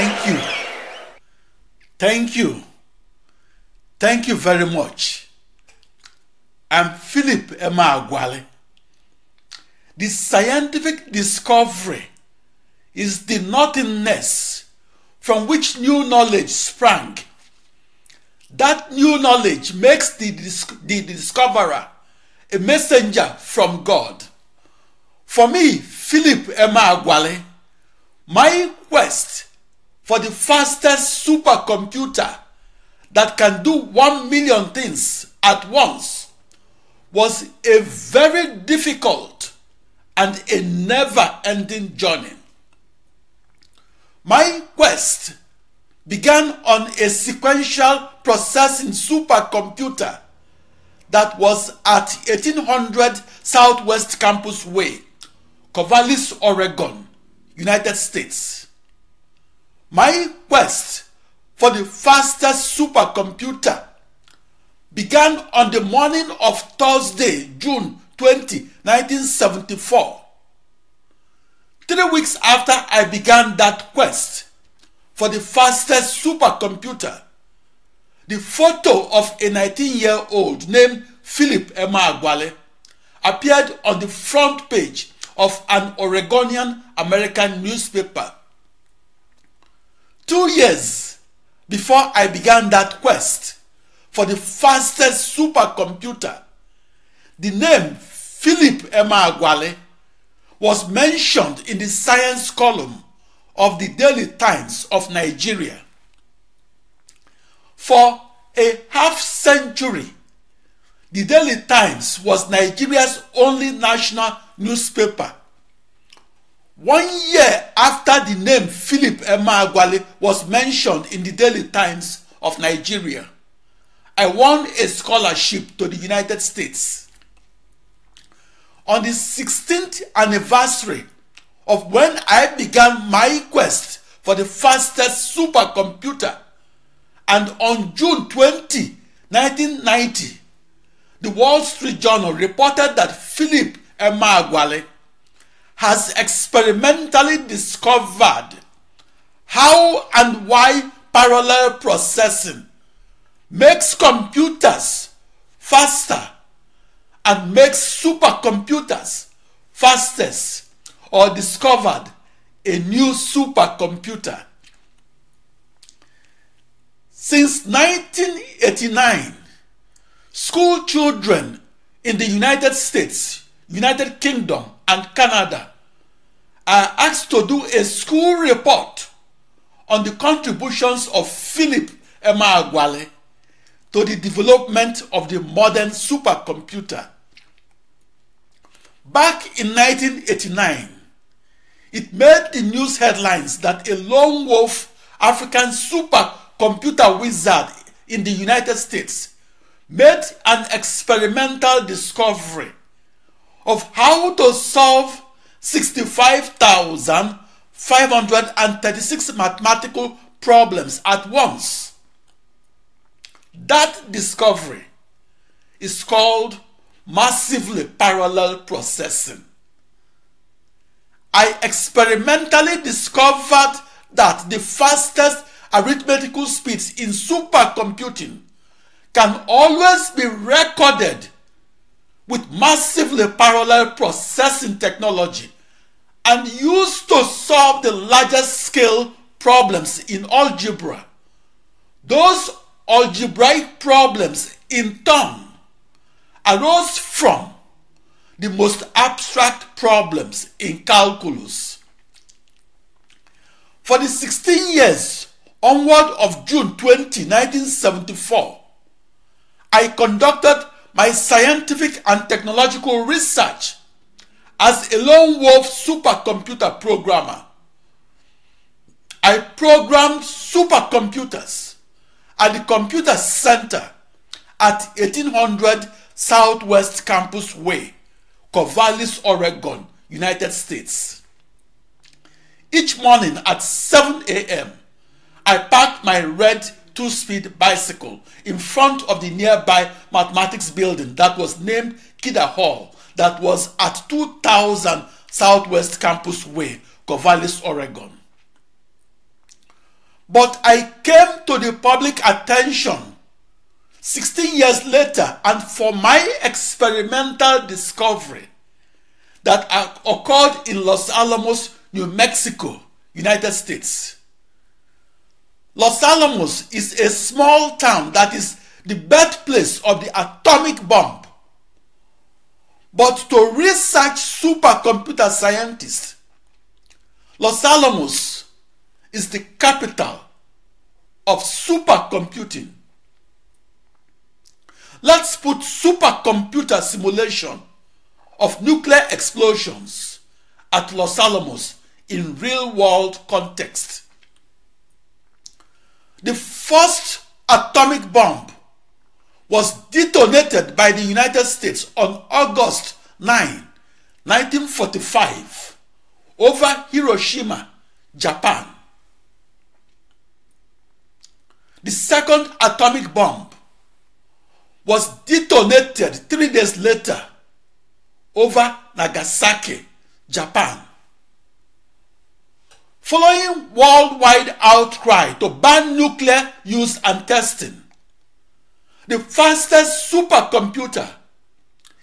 Thank you. Thank you. Thank you very much. I'm Philip Emma Agwale. The scientific discovery is the nothingness from which new knowledge sprang. That new knowledge makes the, the discoverer a messenger from God. For me, Philip Emma Agwale, my quest for the fastest supercomputer that can do 1 million things at once was a very difficult and a never ending journey. My quest began on a sequential processing supercomputer that was at 1800 Southwest Campus Way, Corvallis, Oregon, United States. My quest for the fastest supercomputer began on the morning of Thursday, June 20, 1974. Three weeks after I began that quest for the fastest supercomputer, the photo of a 19 year old named Philip Emma Agwale appeared on the front page of an Oregonian American newspaper two years before I began that quest for the fastest supercomputer, the name Philip Emeagwali was mentioned in the science column of the Daily Times of Nigeria. For a half century, the Daily Times was Nigeria's only national newspaper one year after the name philip emeagwali was mentioned in the daily times of nigeria i won a scholarship to the united states on the 16th anniversary of when i began my quest for the fastest supercomputer and on june 20 1990 the wall street journal reported that philip emeagwali has experimentally discovered how and why parallel processing makes computers faster and makes supercomputers fastest or discovered a new supercomputer. Since 1989, school children in the United States, United Kingdom, and Canada are asked to do a school report on the contributions of Philip Emeagwali to the development of the modern supercomputer. Back in 1989, it made the news headlines that a lone wolf African supercomputer wizard in the United States made an experimental discovery of how to solve 65,536 mathematical problems at once. That discovery is called massively parallel processing. I experimentally discovered that the fastest arithmetical speeds in supercomputing can always be recorded with massively parallel processing technology and used to solve the largest scale problems in algebra. Those algebraic problems, in turn, arose from the most abstract problems in calculus. For the 16 years onward of June 20, 1974, I conducted my scientific and technological research as a lone wolf supercomputer programmer. I programmed supercomputers at the computer center at 1800 Southwest Campus Way, Corvallis, Oregon, United States. Each morning at 7 a.m., I packed my red two speed bicycle in front of the nearby mathematics building that was named Kida Hall, that was at 2000 Southwest Campus Way, Corvallis, Oregon. But I came to the public attention 16 years later and for my experimental discovery that occurred in Los Alamos, New Mexico, United States. Los Alamos is a small town that is the birthplace of the atomic bomb. But to research supercomputer scientists, Los Alamos is the capital of supercomputing. Let's put supercomputer simulation of nuclear explosions at Los Alamos in real world context. The first atomic bomb was detonated by the United States on August 9, 1945, over Hiroshima, Japan. The second atomic bomb was detonated three days later over Nagasaki, Japan. Following worldwide outcry to ban nuclear use and testing, the fastest supercomputer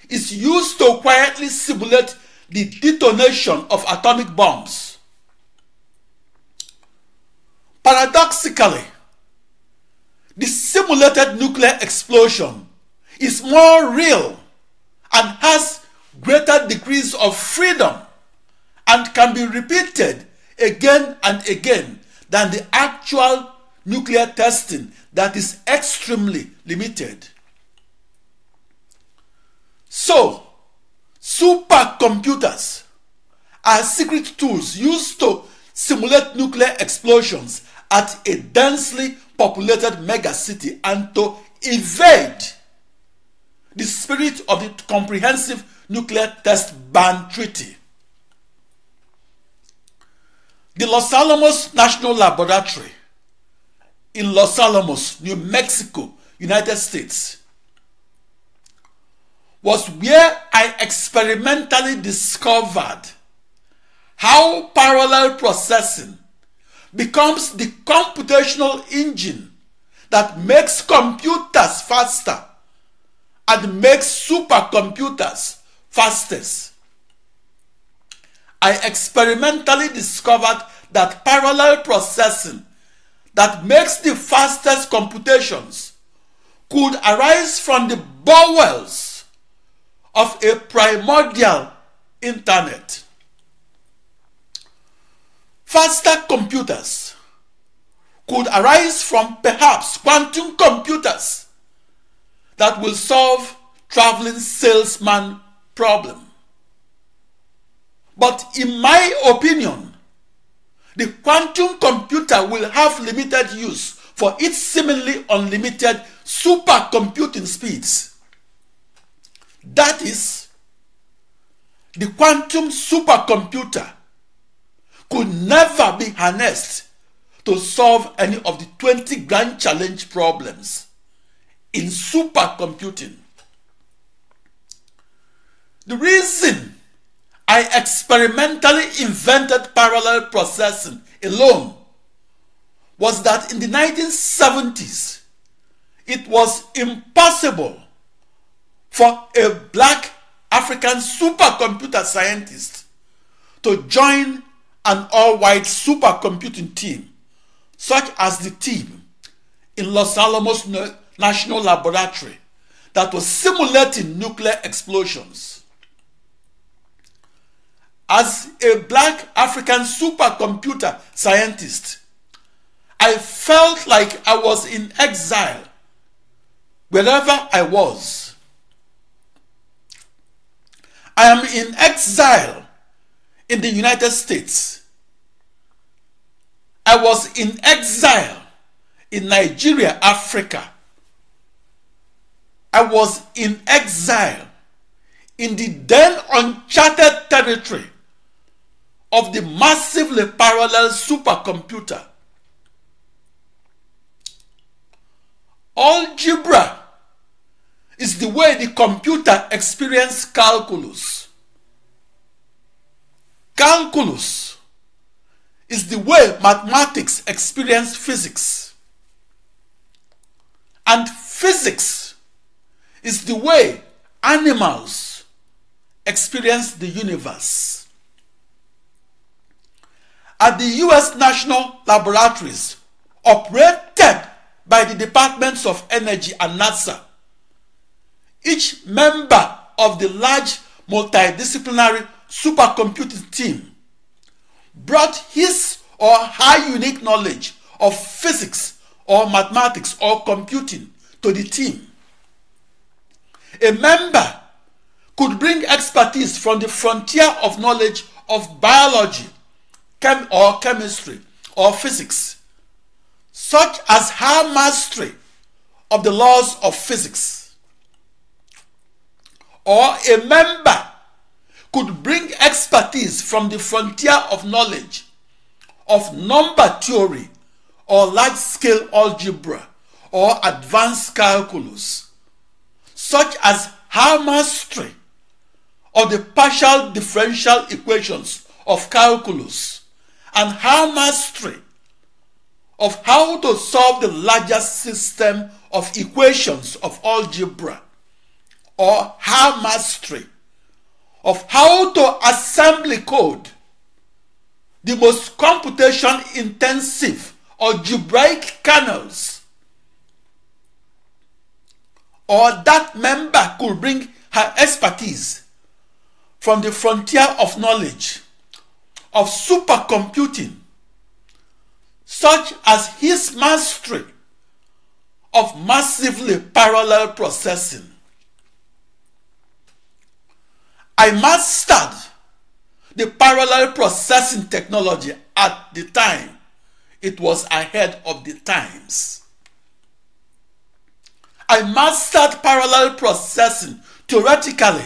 is used to quietly simulate the detonation of atomic bombs. Paradoxically, the simulated nuclear explosion is more real and has greater degrees of freedom and can be repeated again and again than the actual nuclear testing that is extremely limited. So, supercomputers are secret tools used to simulate nuclear explosions at a densely populated megacity and to evade the spirit of the Comprehensive Nuclear Test Ban Treaty. The Los Alamos National Laboratory in Los Alamos, New Mexico, United States, was where I experimentally discovered how parallel processing becomes the computational engine that makes computers faster and makes supercomputers fastest. I experimentally discovered that parallel processing that makes the fastest computations could arise from the bowels of a primordial internet. Faster computers could arise from perhaps quantum computers that will solve traveling salesman problem. But in my opinion, the quantum computer will have limited use for its seemingly unlimited supercomputing speeds. That is, the quantum supercomputer could never be harnessed to solve any of the 20 grand challenge problems in supercomputing. The reason I experimentally invented parallel processing alone was that in the 1970s, it was impossible for a black African supercomputer scientist to join an all white supercomputing team, such as the team in Los Alamos National Laboratory that was simulating nuclear explosions as a black African supercomputer scientist, I felt like I was in exile wherever I was. I am in exile in the United States. I was in exile in Nigeria, Africa. I was in exile in the then uncharted territory of the massively parallel supercomputer. Algebra is the way the computer experienced calculus. Calculus is the way mathematics experienced physics. And physics is the way animals experience the universe at the U.S. national laboratories operated by the Departments of Energy and NASA. Each member of the large multidisciplinary supercomputing team brought his or her unique knowledge of physics or mathematics or computing to the team. A member could bring expertise from the frontier of knowledge of biology chem- or chemistry or physics, such as her mastery of the laws of physics, or a member could bring expertise from the frontier of knowledge of number theory or large scale algebra or advanced calculus, such as her mastery of the partial differential equations of calculus and her mastery of how to solve the larger system of equations of algebra or her mastery of how to assembly code the most computation intensive algebraic kernels or that member could bring her expertise from the frontier of knowledge of supercomputing, such as his mastery of massively parallel processing. I mastered the parallel processing technology at the time. It was ahead of the times. I mastered parallel processing theoretically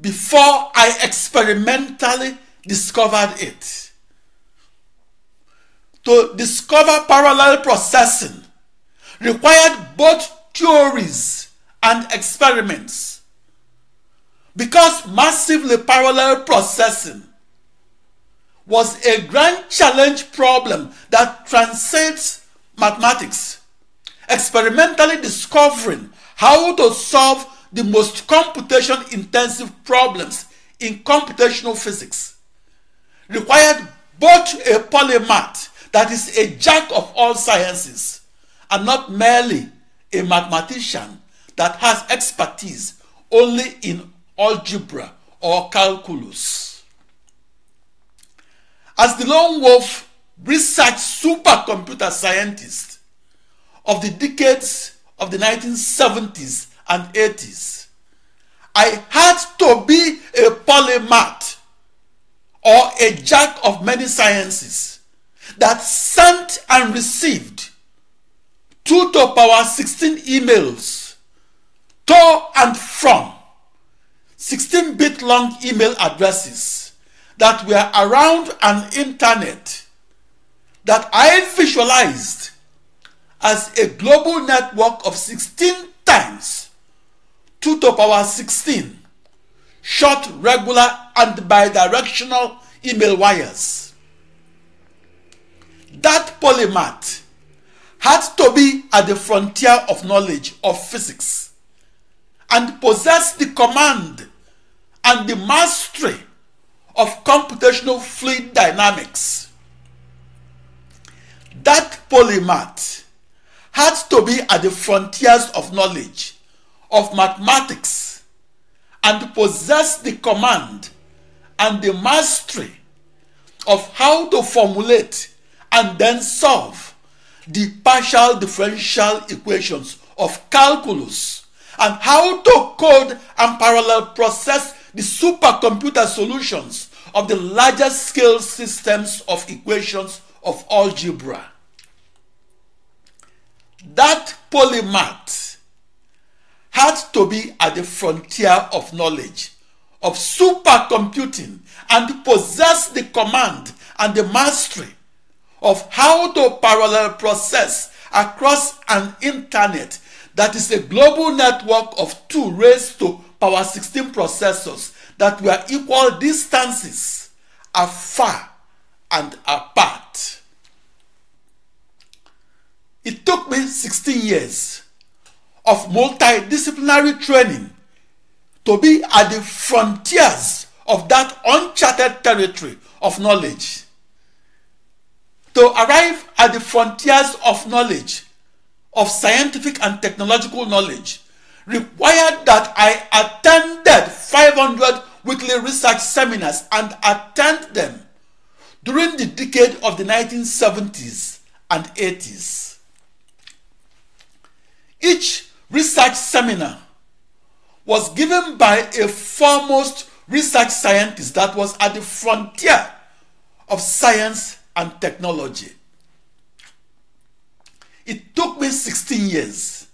before I experimentally discovered it. To discover parallel processing required both theories and experiments because massively parallel processing was a grand challenge problem that transcends mathematics, experimentally discovering how to solve the most computation intensive problems in computational physics required both a polymath, that is, a jack of all sciences, and not merely a mathematician that has expertise only in algebra or calculus. As the lone wolf research supercomputer scientist of the decades of the 1970s and 80s, I had to be a polymath or a jack of many sciences that sent and received 2 to power 16 emails to and from 16 bit long email addresses that were around an internet that I visualized as a global network of 16 times 2 to power 16 short regular and bidirectional email wires. That polymath had to be at the frontier of knowledge of physics and possess the command and the mastery of computational fluid dynamics. That polymath had to be at the frontiers of knowledge of mathematics and possess the command and the mastery of how to formulate and then solve the partial differential equations of calculus and how to code and parallel process the supercomputer solutions of the larger scale systems of equations of algebra. That polymath had to be at the frontier of knowledge of supercomputing and possess the command and the mastery of how to parallel process across an internet that is a global network of 2 raised to power 16 processors that were equal distances afar and apart. It took me 16 years of multidisciplinary training to be at the frontiers of that uncharted territory of knowledge. To arrive at the frontiers of knowledge, of scientific and technological knowledge, required that I attended 500 weekly research seminars and attend them during the decade of the 1970s and 80s. Each research seminar was given by a foremost research scientist that was at the frontier of science and technology. It took me 16 years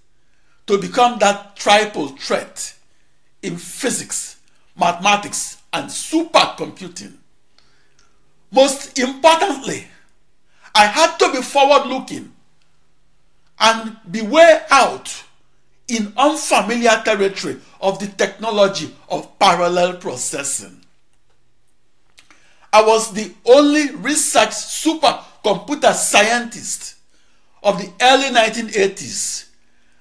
to become that triple threat in physics, mathematics, and supercomputing. Most importantly, I had to be forward looking and be way out in unfamiliar territory of the technology of parallel processing. I was the only research supercomputer scientist of the early 1980s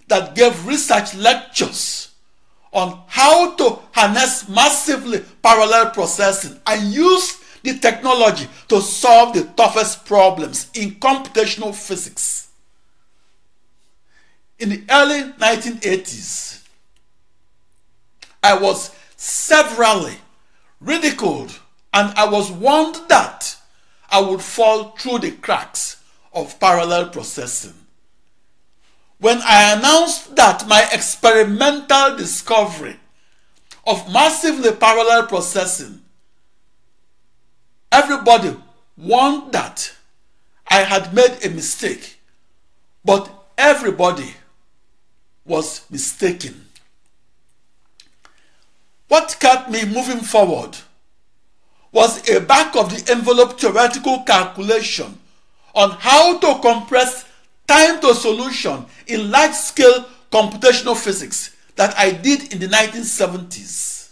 that gave research lectures on how to harness massively parallel processing and use the technology to solve the toughest problems in computational physics in the early 1980s, I was severally ridiculed and I was warned that I would fall through the cracks of parallel processing. When I announced that my experimental discovery of massively parallel processing, everybody warned that I had made a mistake, but everybody was mistaken. What kept me moving forward was a back of the envelope theoretical calculation on how to compress time to solution in large scale computational physics that I did in the 1970s.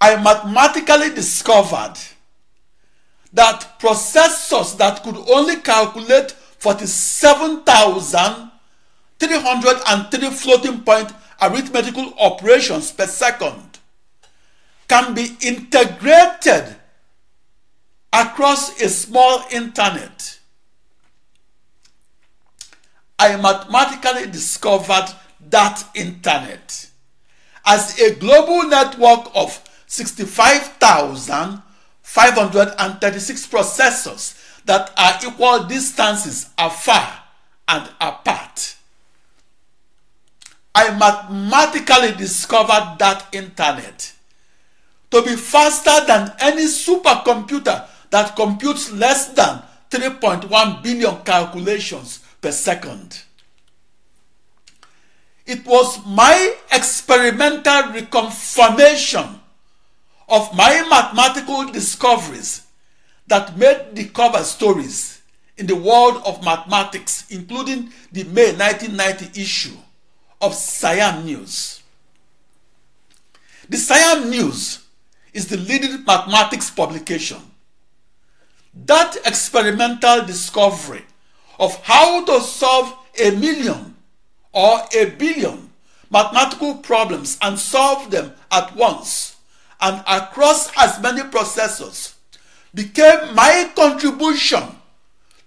I mathematically discovered that processors that could only calculate 47,000 303 floating point arithmetical operations per second can be integrated across a small internet. I mathematically discovered that internet as a global network of 65,536 processors that are equal distances afar and apart. I mathematically discovered that internet to be faster than any supercomputer that computes less than 3.1 billion calculations per second. It was my experimental reconfirmation of my mathematical discoveries that made the cover stories in the world of mathematics, including the May 1990 issue of Siam News. The Siam News is the leading mathematics publication. That experimental discovery of how to solve a million or a billion mathematical problems and solve them at once and across as many processors became my contribution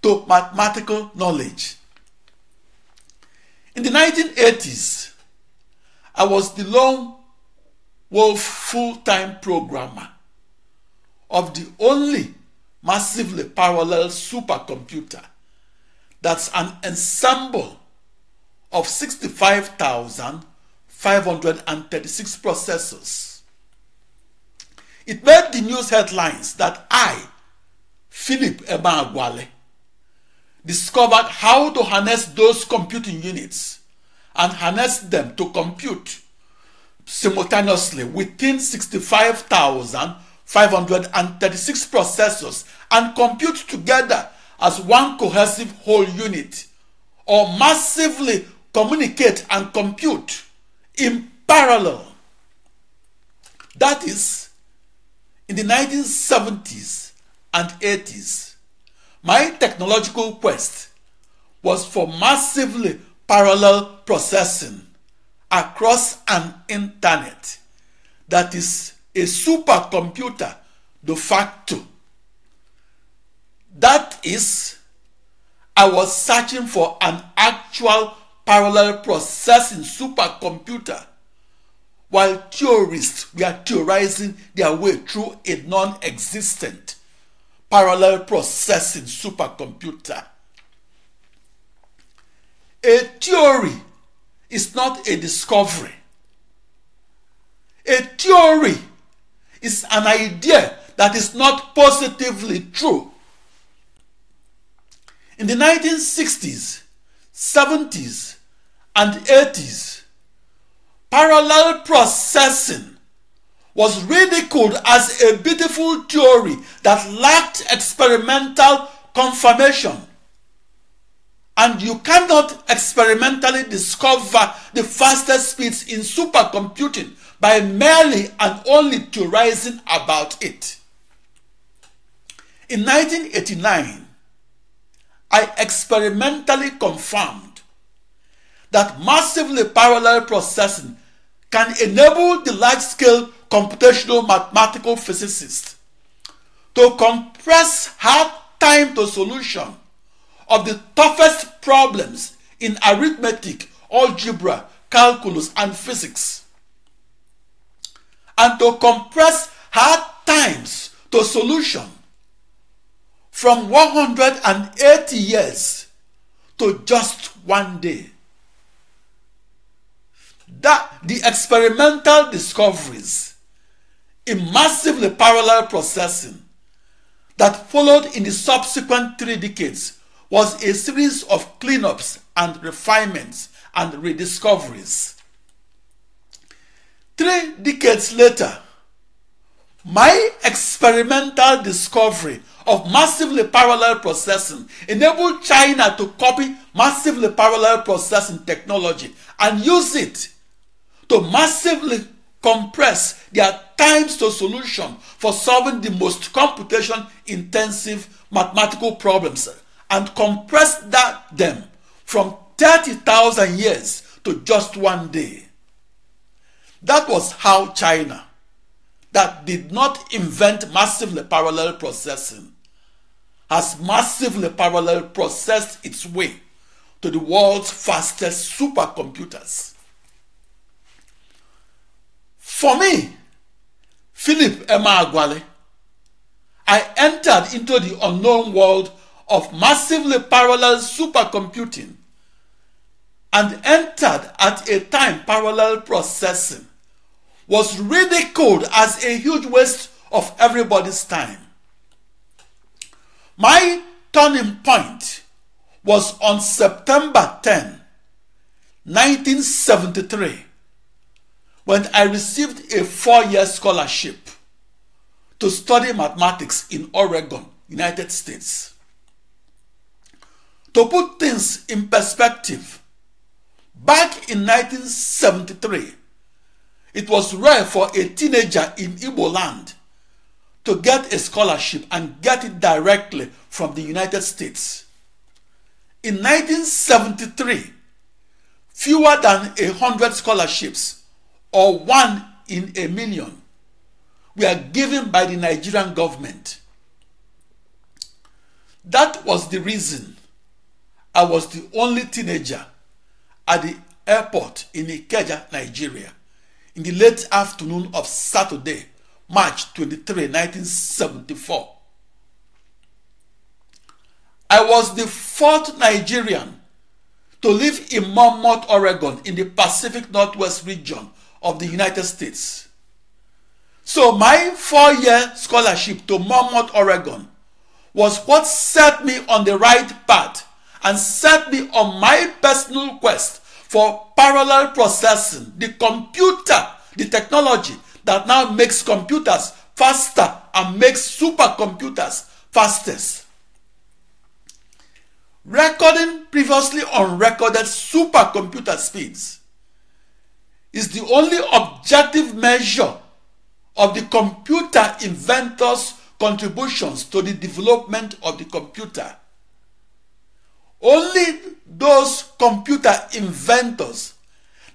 to mathematical knowledge. In the 1980s, I was the lone wolf full-time programmer of the only massively parallel supercomputer that's an ensemble of 65,536 processors. It made the news headlines that I, Philip Emeagwali, discovered how to harness those computing units and harness them to compute simultaneously within 65,536 processors and compute together as one cohesive whole unit or massively communicate and compute in parallel. That is, in the 1970s and 80s, my technological quest was for massively parallel processing across an internet that is a supercomputer de facto. That is, I was searching for an actual parallel processing supercomputer while theorists were theorizing their way through a non existent parallel processing supercomputer. A theory is not a discovery. A theory is an idea that is not positively true. In the 1960s, 70s, and 80s, parallel processing was ridiculed as a beautiful theory that lacked experimental confirmation. And you cannot experimentally discover the fastest speeds in supercomputing by merely and only theorizing about it. In 1989, I experimentally confirmed that massively parallel processing can enable the large scale computational mathematical physicist to compress hard time to solution of the toughest problems in arithmetic, algebra, calculus, and physics, and to compress hard times to solution from 180 years to just one day. That the experimental discoveries in massively parallel processing that followed in the subsequent three decades was a series of cleanups and refinements and rediscoveries. Three decades later, my experimental discovery of massively parallel processing enabled China to copy massively parallel processing technology and use it to massively compress their times to solution for solving the most computation intensive mathematical problems and compressed that, them from 30,000 years to just one day. That was how China, that did not invent massively parallel processing, has massively parallel processed its way to the world's fastest supercomputers. For me, Philip Emma Emeagwali, I entered into the unknown world of massively parallel supercomputing and entered at a time parallel processing was ridiculed as a huge waste of everybody's time. My turning point was on September 10, 1973 when I received a four year scholarship to study mathematics in Oregon, United States. To put things in perspective, back in 1973, it was rare for a teenager in Igbo land to get a scholarship and get it directly from the United States. In 1973, fewer than a hundred scholarships or one in a million were given by the Nigerian government. That was the reason I was the only teenager at the airport in Ikeja, Nigeria, in the late afternoon of Saturday, March 23, 1974. I was the fourth Nigerian to live in Monmouth, Oregon, in the Pacific Northwest region of the United States. So my four year scholarship to Monmouth, Oregon was what set me on the right path and set me on my personal quest for parallel processing, the computer, the technology that now makes computers faster and makes supercomputers fastest. Recording previously unrecorded supercomputer speeds is the only objective measure of the computer inventor's contributions to the development of the computer. Only those computer inventors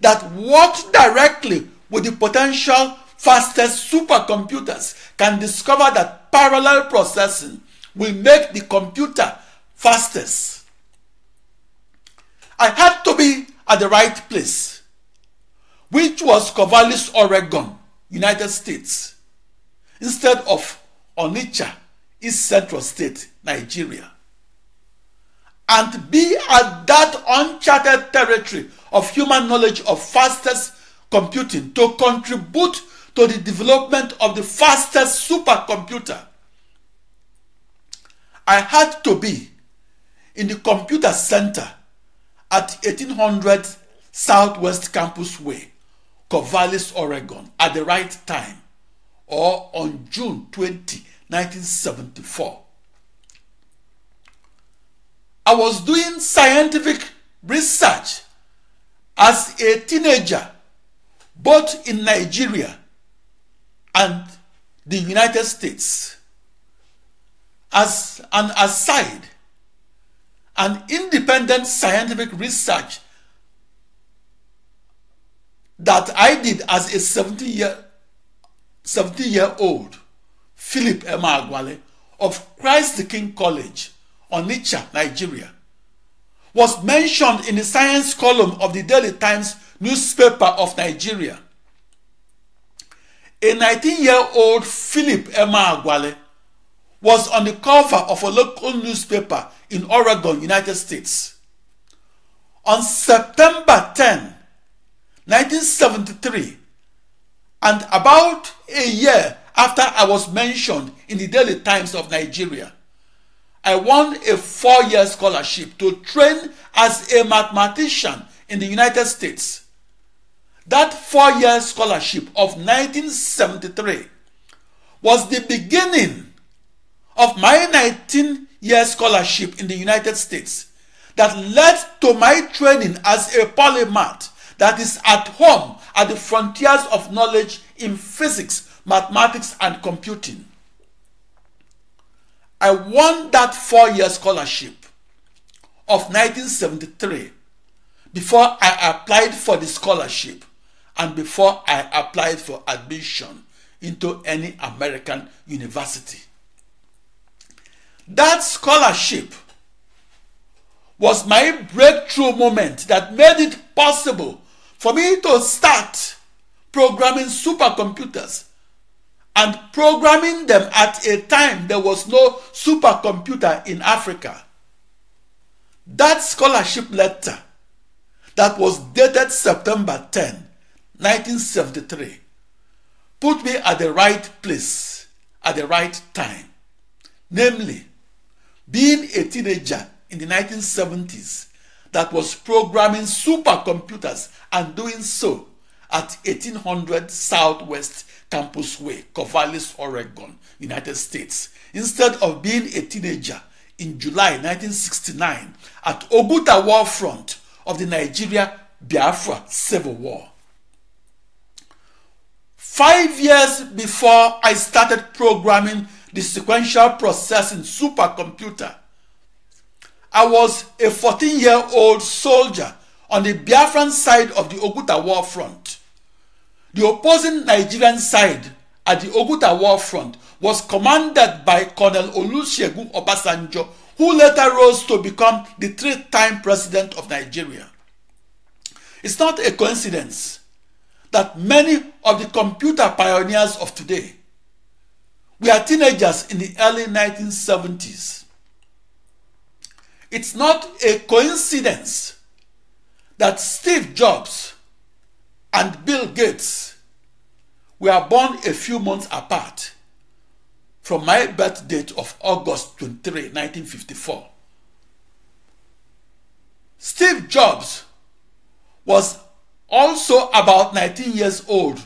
that worked directly with the potential fastest supercomputers can discover that parallel processing will make the computer fastest. I had to be at the right place which was Corvallis, Oregon, United States, instead of Onitsha, East Central State, Nigeria, and be at that uncharted territory of human knowledge of fastest computing to contribute to the development of the fastest supercomputer. I had to be in the computer center at 1800 Southwest Campus Way Corvallis, Oregon at the right time or on June 20, 1974. I was doing scientific research as a teenager both in Nigeria and the United States. As an aside, an independent scientific research that I did as a 70 year 70 year old Philip Emma Emeagwali of Christ the King College, Onitsha, Nigeria, was mentioned in the science column of the Daily Times newspaper of Nigeria. A 19 year old Philip Emma Emeagwali was on the cover of a local newspaper in Oregon, United States. On September 10, 1973, and about a year after I was mentioned in the Daily Times of Nigeria, I won a four year scholarship to train as a mathematician in the United States. That four year scholarship of 1973 was the beginning of my 19 year scholarship in the United States that led to my training as a polymath that is at home at the frontiers of knowledge in physics, mathematics, and computing. I won that four year scholarship of 1973 before I applied for the scholarship and before I applied for admission into any American university. That scholarship was my breakthrough moment that made it possible for me to start programming supercomputers and programming them at a time there was no supercomputer in Africa. That scholarship letter that was dated September 10, 1973, put me at the right place at the right time. Namely, being a teenager in the 1970s that was programming supercomputers and doing so at 1800 Southwest Campus Way, Corvallis, Oregon, United States, instead of being a teenager in July 1969 at Oguta War Front of the Nigeria Biafra Civil War. Five years before I started programming the sequential processing supercomputer I was a 14 year old soldier on the Biafran side of the Oguta War Front. The opposing Nigerian side at the Oguta War Front was commanded by Colonel Olusegun Obasanjo, who later rose to become the three time president of Nigeria. It's not a coincidence that many of the computer pioneers of today were teenagers in the early 1970s It's not a coincidence that Steve Jobs and Bill Gates were born a few months apart from my birth date of August 23, 1954. Steve Jobs was also about 19 years old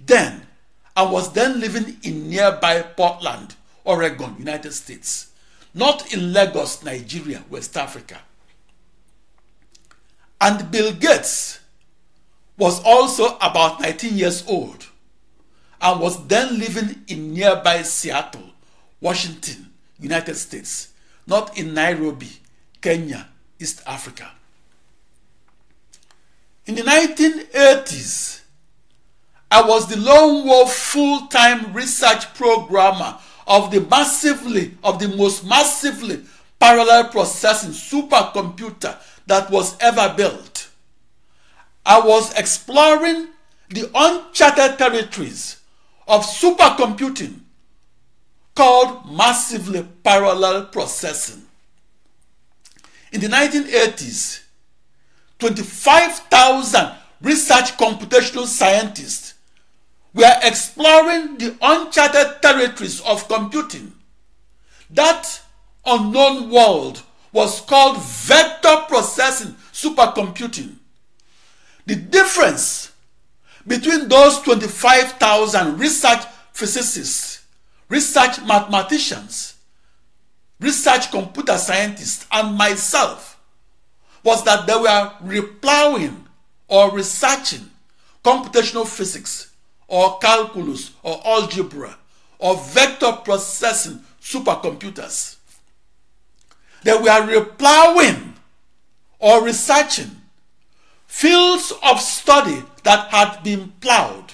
then and was then living in nearby Portland, Oregon, United States not in Lagos, Nigeria, West Africa. And Bill Gates was also about 19 years old and was then living in nearby Seattle, Washington, United States, not in Nairobi, Kenya, East Africa. In the 1980s, I was the lone wolf full time research programmer of the massively of the most massively parallel processing supercomputer that was ever built. I was exploring the uncharted territories of supercomputing called massively parallel processing. In the 1980s, 25,000 research computational scientists we are exploring the uncharted territories of computing. That unknown world was called vector processing supercomputing. The difference between those 25,000 research physicists, research mathematicians, research computer scientists, and myself was that they were replowing or researching computational physics or calculus or algebra or vector processing supercomputers. They were replowing, or researching fields of study that had been plowed.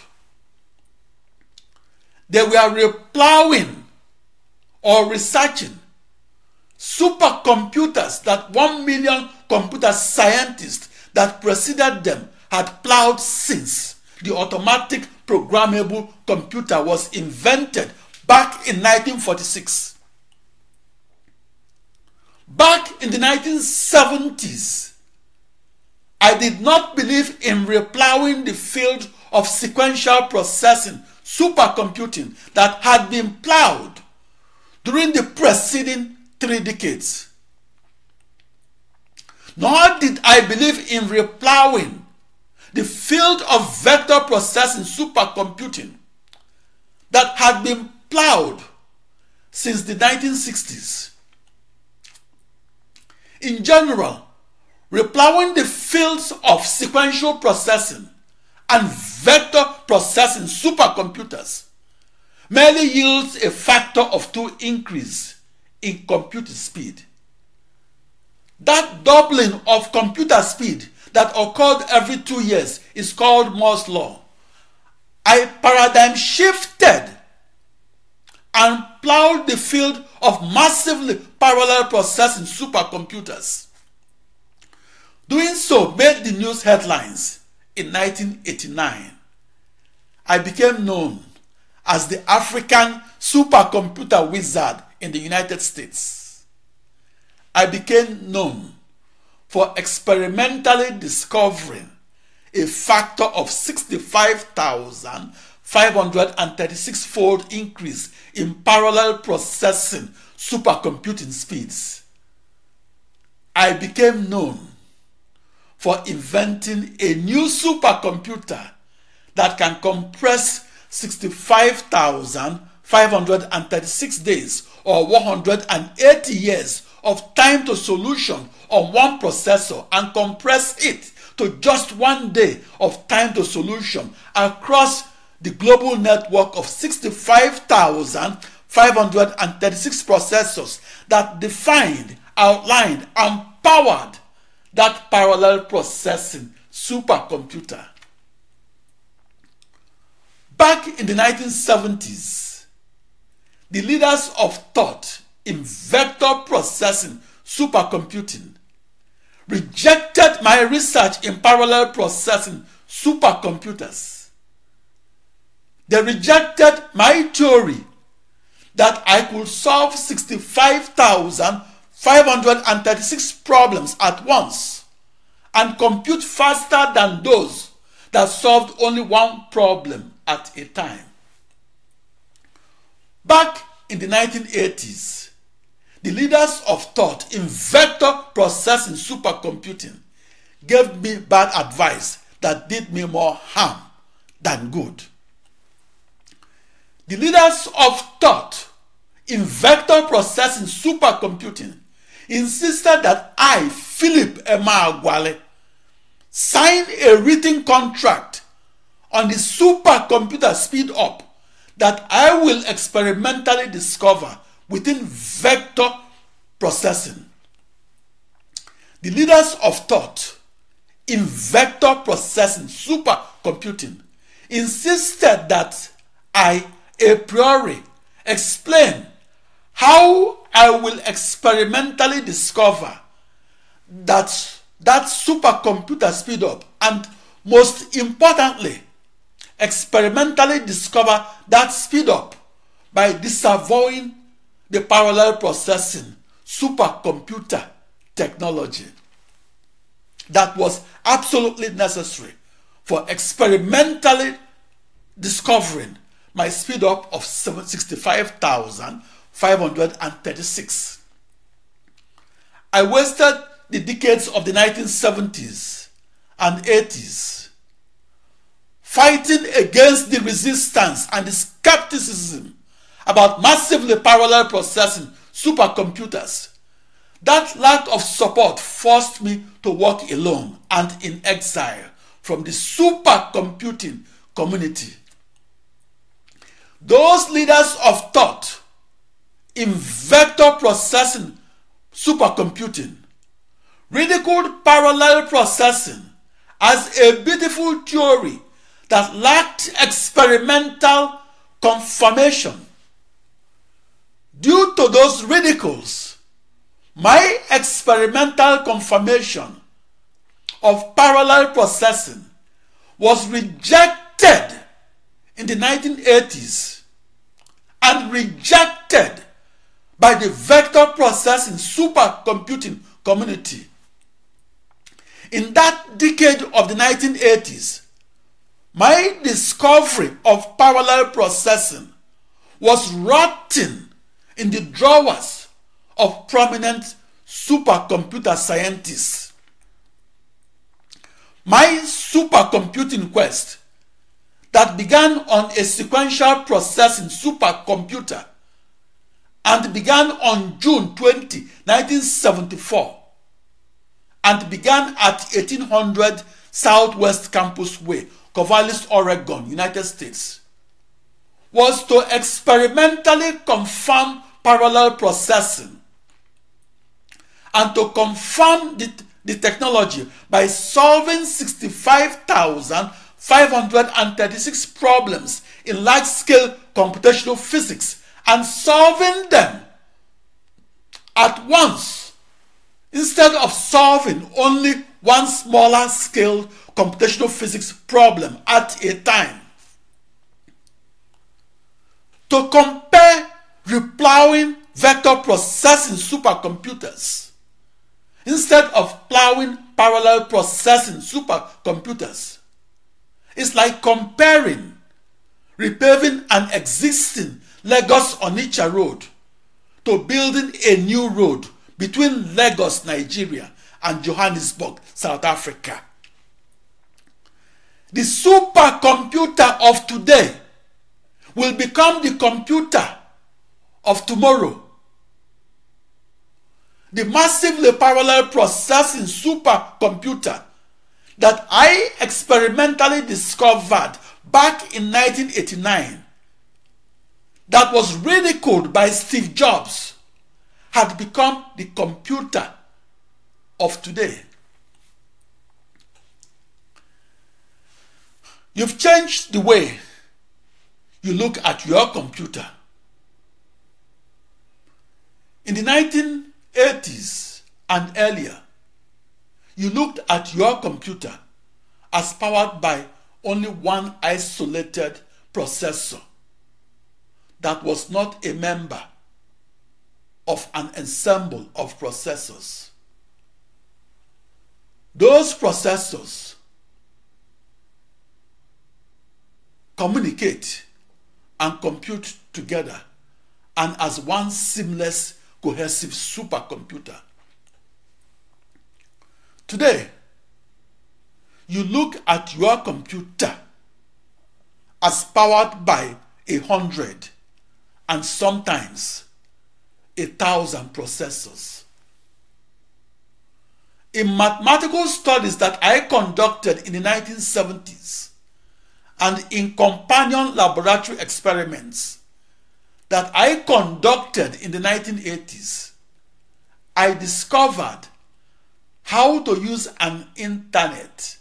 They were replowing, or researching supercomputers that one million computer scientists that preceded them had plowed since the automatic programmable computer was invented back in 1946. Back in the 1970s, I did not believe in replowing the field of sequential processing, supercomputing, that had been plowed during the preceding three decades. Nor did I believe in replowing the field of vector processing supercomputing that had been plowed since the 1960s. In general, replowing the fields of sequential processing and vector processing supercomputers merely yields a factor of 2 increase in computer speed. That doubling of computer speed that occurred every two years is called Moore's Law. I paradigm shifted and plowed the field of massively parallel processing supercomputers. Doing so made the news headlines in 1989. I became known as the African supercomputer wizard in the United States. I became known for experimentally discovering a factor of 65,536 fold increase in parallel processing supercomputing speeds. I became known for inventing a new supercomputer that can compress 65,536 days or 180 years of time to solution on one processor and compress it to just one day of time to solution across the global network of 65,536 processors that defined, outlined, and powered that parallel processing supercomputer. Back in the 1970s, the leaders of thought in vector processing supercomputing rejected my research in parallel processing supercomputers. They rejected my theory that I could solve 65,536 problems at once and compute faster than those that solved only one problem at a time. Back in the 1980s, the leaders of thought in vector processing supercomputing gave me bad advice that did me more harm than good. The leaders of thought in vector processing supercomputing insisted that I, Philip Emeagwali, sign a written contract on the supercomputer speed up that I will experimentally discover within vector processing. The leaders of thought in vector processing, supercomputing, insisted that I a priori explain how I will experimentally discover that that supercomputer speed up and most importantly experimentally discover that speed up by disavowing the parallel processing supercomputer technology that was absolutely necessary for experimentally discovering my speed up of 65,536. I wasted the decades of the 1970s and 80s fighting against the resistance and the skepticism about massively parallel processing supercomputers. That lack of support forced me to work alone and in exile from the supercomputing community. Those leaders of thought in vector processing supercomputing ridiculed parallel processing as a beautiful theory that lacked experimental confirmation Due to those ridicules, my experimental confirmation of parallel processing was rejected in the 1980s and rejected by the vector processing supercomputing community. In that decade of the 1980s, my discovery of parallel processing was rotten in the drawers of prominent supercomputer scientists. My supercomputing quest that began on a sequential processing supercomputer and began on June 20, 1974 and began at 1800 Southwest Campus Way, Corvallis, Oregon, United States, was to experimentally confirm parallel processing and to confirm the, the technology by solving 65,536 problems in large-scale computational physics and solving them at once instead of solving only one smaller scale computational physics problem at a time. To compare replowing vector processing supercomputers instead of plowing parallel processing supercomputers. It's like comparing repaving an existing Lagos Onitsha road to building a new road between Lagos, Nigeria, and Johannesburg, South Africa. The supercomputer of today will become the computer of tomorrow. The massively parallel processing supercomputer that I experimentally discovered back in 1989 that was ridiculed by Steve Jobs had become the computer of today. You've changed the way you look at your computer. In the 1980s and earlier, you looked at your computer as powered by only one isolated processor that was not a member of an ensemble of processors. Those processors communicate and compute together and as one seamless cohesive supercomputer. Today, you look at your computer as powered by a hundred and sometimes a thousand processors. In mathematical studies that I conducted in the 1970s and in companion laboratory experiments, that I conducted in the 1980s, I discovered how to use an internet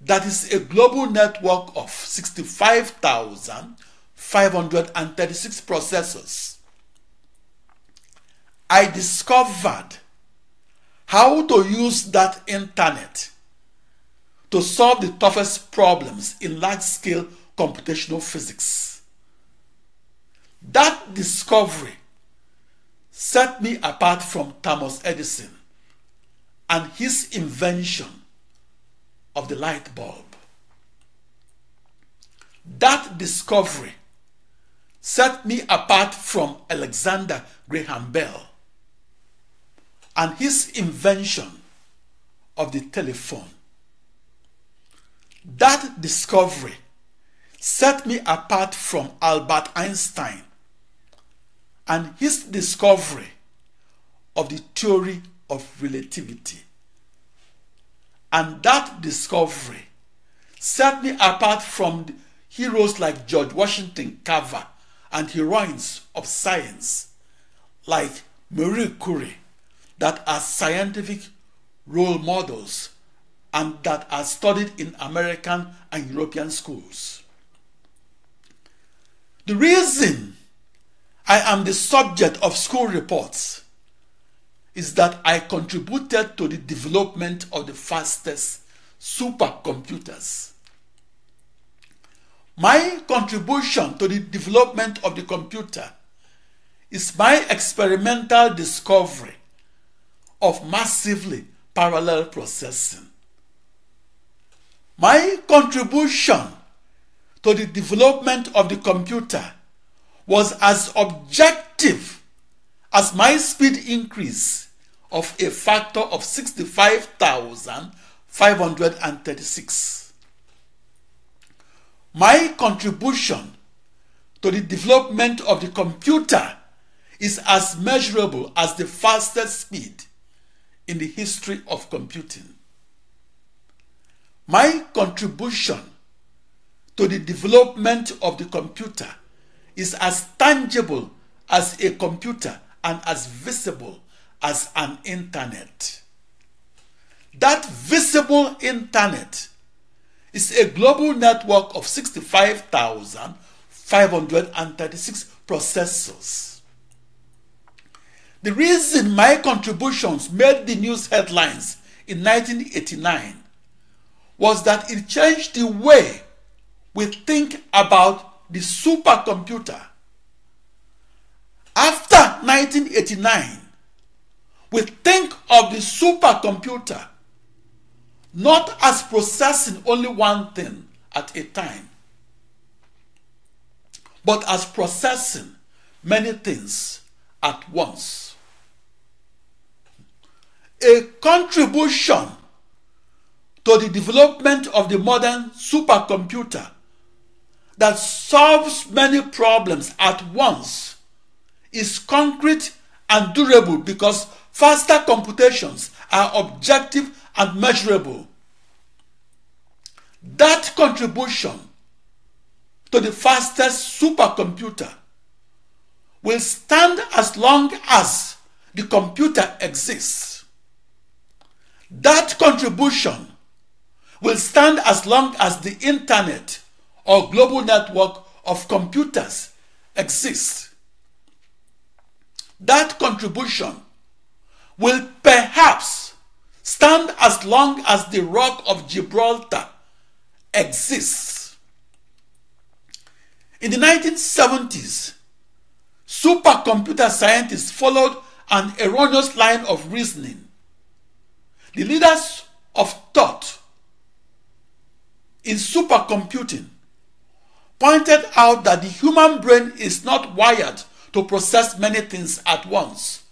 that is a global network of 65,536 processors. I discovered how to use that internet to solve the toughest problems in large scale computational physics. That discovery set me apart from Thomas Edison and his invention of the light bulb. That discovery set me apart from Alexander Graham Bell and his invention of the telephone. That discovery set me apart from Albert Einstein and his discovery of the theory of relativity. And that discovery set me apart from heroes like George Washington Carver and heroines of science like Marie Curie that are scientific role models and that are studied in American and European schools. The reason I am the subject of school reports is that I contributed to the development of the fastest supercomputers. My contribution to the development of the computer is my experimental discovery of massively parallel processing. My contribution to the development of the computer was as objective as my speed increase of a factor of sixty-five five thousand hundred and thirty-six. My contribution to the development of the computer is as measurable as the fastest speed in the history of computing. My contribution to the development of the computer is as tangible as a computer and as visible as an internet. That visible internet is a global network of 65,536 processors. The reason my contributions made the news headlines in 1989 was that it changed the way we think about the supercomputer after 1989 we think of the supercomputer not as processing only one thing at a time but as processing many things at once a contribution to the development of the modern supercomputer that solves many problems at once is concrete and durable because faster computations are objective and measurable. That contribution to the fastest supercomputer will stand as long as the computer exists. That contribution will stand as long as the internet or global network of computers exists. That contribution will perhaps stand as long as the Rock of Gibraltar exists. In the 1970s, supercomputer scientists followed an erroneous line of reasoning. The leaders of thought in supercomputing pointed out that the human brain is not wired to process many things at once.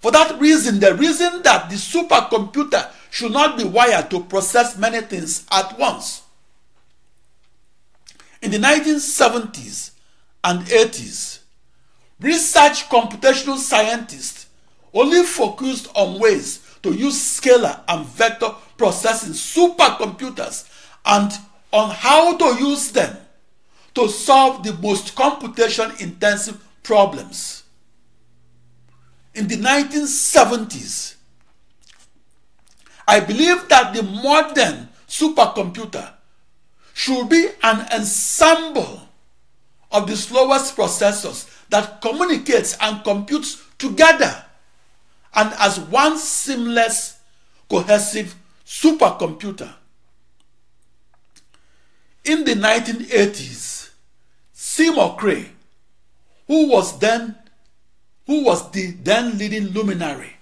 For that reason, the reason that the supercomputer should not be wired to process many things at once. In the 1970s and 80s, research computational scientists only focused on ways to use scalar and vector processing supercomputers and on how to use them to solve the most computation intensive problems. In the 1970s, I believe that the modern supercomputer should be an ensemble of the slowest processors that communicates and computes together and as one seamless, cohesive supercomputer. In the 1980s, Seymour Cray, who was then who was the then leading luminary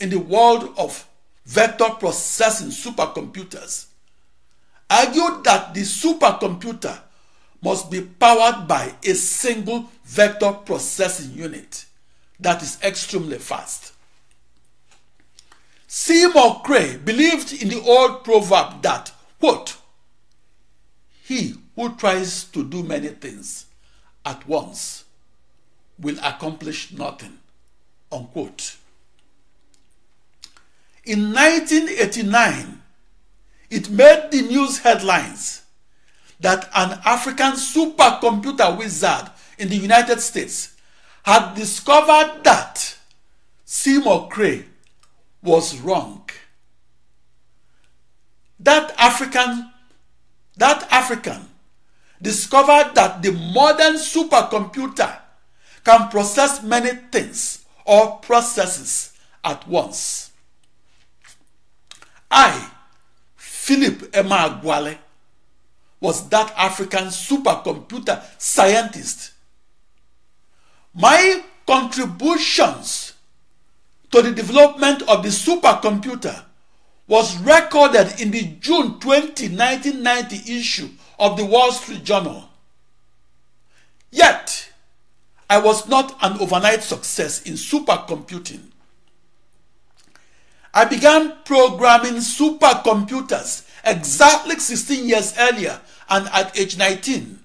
in the world of vector processing supercomputers, argued that the supercomputer must be powered by a single vector processing unit that is extremely fast. Seymour Cray believed in the old proverb that, quote, he who tries to do many things at once will accomplish nothing. Unquote. In 1989, it made the news headlines that an African supercomputer wizard in the United States had discovered that Seymour Cray was wrong. That African, that African discovered that the modern supercomputer can process many things or processes at once. I, Philip Emma Agwale, was that African supercomputer scientist. My contributions to the development of the supercomputer was recorded in the June 20, 1990 issue of the Wall Street Journal. Yet, I was not an overnight success in supercomputing. I began programming supercomputers exactly 16 years earlier and at age 19.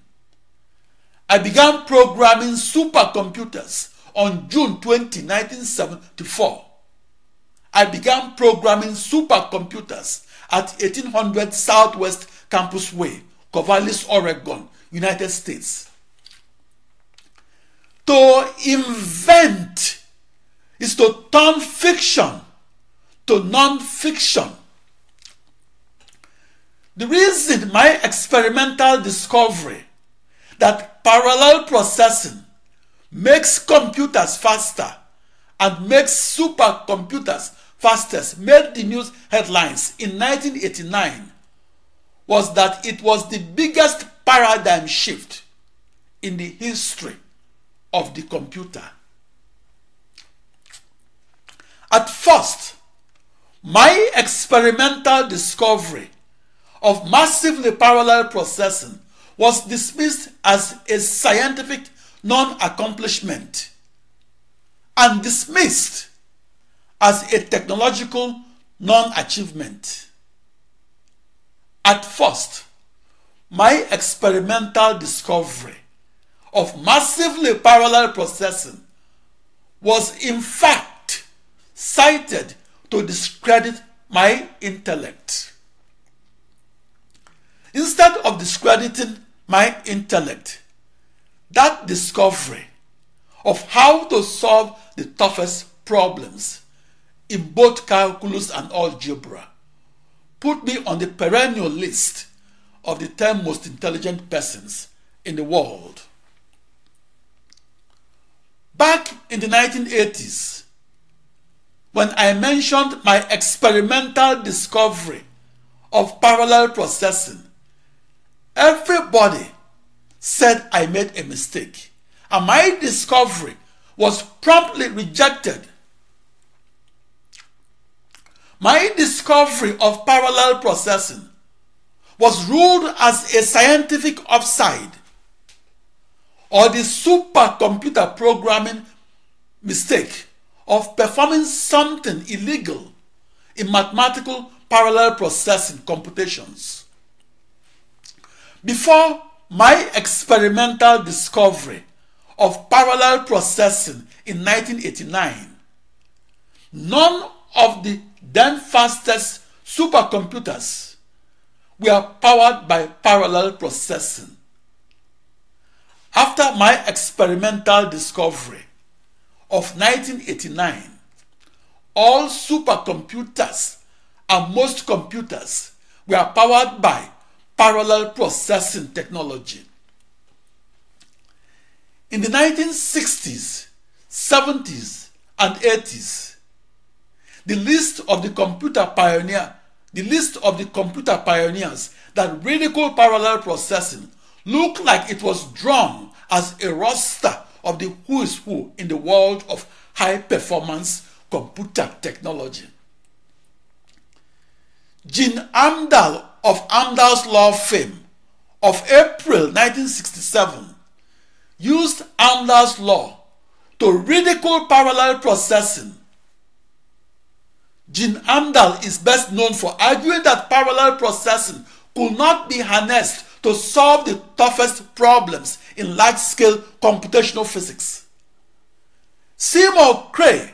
I began programming supercomputers on June 20, 1974. I began programming supercomputers at 1800 Southwest Campus Way Corvallis, Oregon, United States, to invent is to turn fiction to non-fiction. The reason my experimental discovery that parallel processing makes computers faster and makes supercomputers fastest made the news headlines in 1989 was that it was the biggest paradigm shift in the history of the computer. At first, my experimental discovery of massively parallel processing was dismissed as a scientific non accomplishment and dismissed as a technological non achievement. At first, my experimental discovery of massively parallel processing was in fact cited to discredit my intellect. Instead of discrediting my intellect, that discovery of how to solve the toughest problems in both calculus and algebra put me on the perennial list of the 10 most intelligent persons in the world. Back in the 1980s, when I mentioned my experimental discovery of parallel processing, everybody said I made a mistake, and my discovery was promptly rejected my discovery of parallel processing was ruled as a scientific upside or the supercomputer programming mistake of performing something illegal in mathematical parallel processing computations. Before my experimental discovery of parallel processing in 1989, none of the then fastest supercomputers were powered by parallel processing. After my experimental discovery of 1989, all supercomputers and most computers were powered by parallel processing technology. In the 1960s, 70s, and 80s, the list of the computer pioneer the list of the computer pioneers that radical parallel processing looked like it was drawn as a roster of the who is who in the world of high performance computer technology. Jean Amdahl of Amdahl's Law fame of April 1967 used Amdahl's Law to ridicule parallel processing Jean Amdal is best known for arguing that parallel processing could not be harnessed to solve the toughest problems in large scale computational physics. Seymour Cray,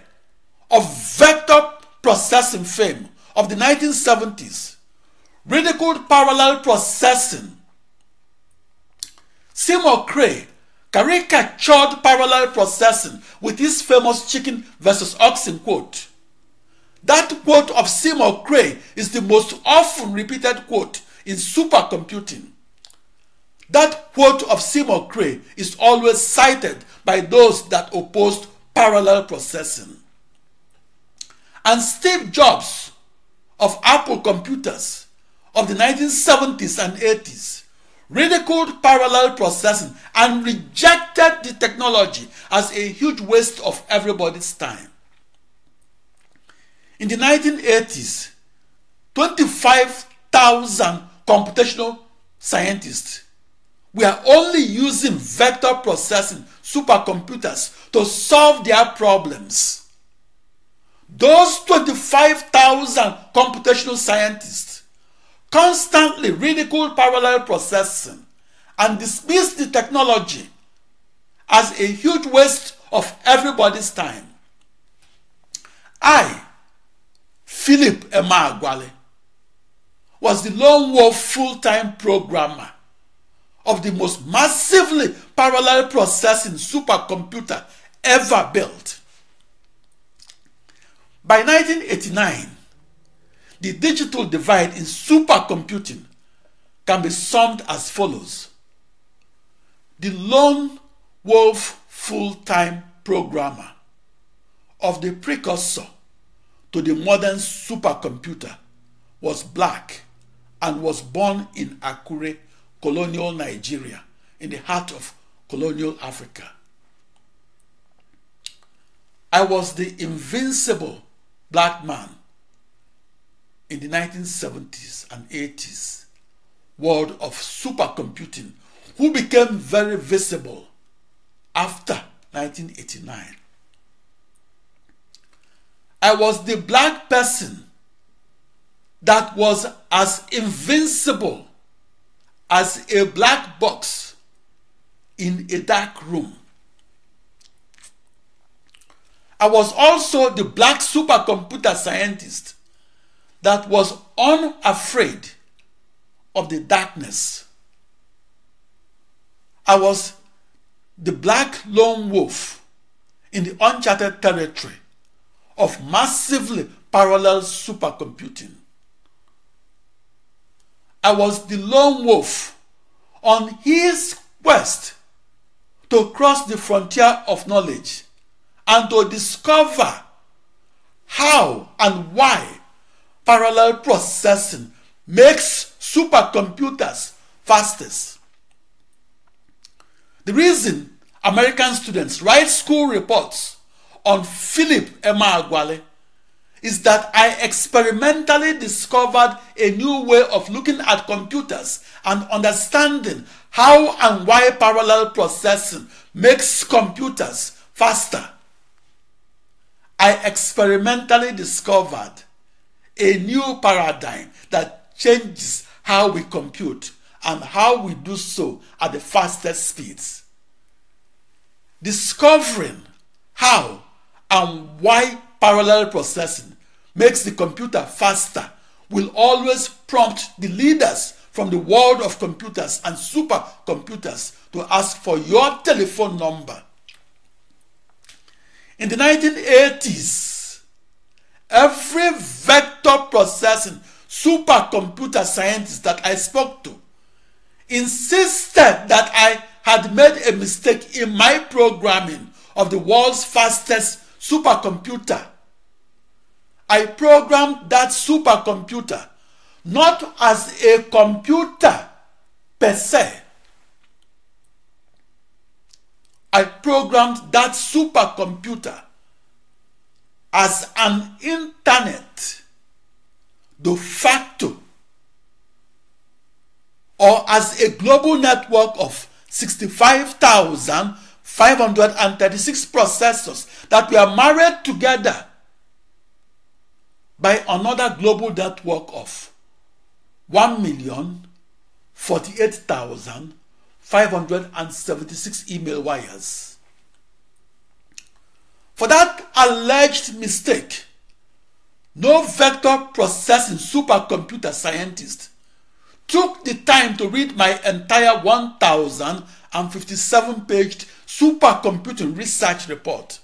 of vector processing fame of the 1970s, ridiculed parallel processing. Seymour Cray caricatured parallel processing with his famous chicken versus oxen quote that quote of Seymour Cray is the most often repeated quote in supercomputing. That quote of Seymour Cray is always cited by those that opposed parallel processing. And Steve Jobs of Apple computers of the 1970s and 80s ridiculed parallel processing and rejected the technology as a huge waste of everybody's time. in the 1980s 25,000 computational scientists were only using vector processing supercomputers to solve their problems. Those 25,000 computational scientists constantly ridiculed parallel processing and dismissed the technology as a huge waste of everybody's time. I Philip Emeagwali was the lone wolf full-time programmer of the most massively parallel processing supercomputer ever built. By 1989, the digital divide in supercomputing can be summed as follows. The lone wolf full-time programmer of the precursor to the modern supercomputer was black and was born in Akure, colonial Nigeria, in the heart of colonial Africa. I was the invincible black man in the 1970s and 80s world of supercomputing who became very visible after 1989 I was the black person that was as invincible as a black box in a dark room. I was also the black supercomputer scientist that was unafraid of the darkness. I was the black lone wolf in the uncharted territory of massively parallel supercomputing. I was the lone wolf on his quest to cross the frontier of knowledge and to discover how and why parallel processing makes supercomputers fastest. The reason American students write school reports on Philip Emeagwali is that I experimentally discovered a new way of looking at computers and understanding how and why parallel processing makes computers faster. I experimentally discovered a new paradigm that changes how we compute and how we do so at the fastest speeds. Discovering how and why parallel processing makes the computer faster will always prompt the leaders from the world of computers and supercomputers to ask for your telephone number. In the 1980s, every vector processing supercomputer scientist that I spoke to insisted that I had made a mistake in my programming of the world's fastest supercomputer. I programmed that supercomputer not as a computer per se. I programmed that supercomputer as an internet de facto or as a global network of sixty-five thousand. Five hundred and thirty-six processors that were married together by another global network of one million forty-eight thousand five hundred and seventy-six email wires. For that alleged mistake, no vector processing supercomputer scientist took the time to read my entire one thousand. And fifty-seven page supercomputing research report.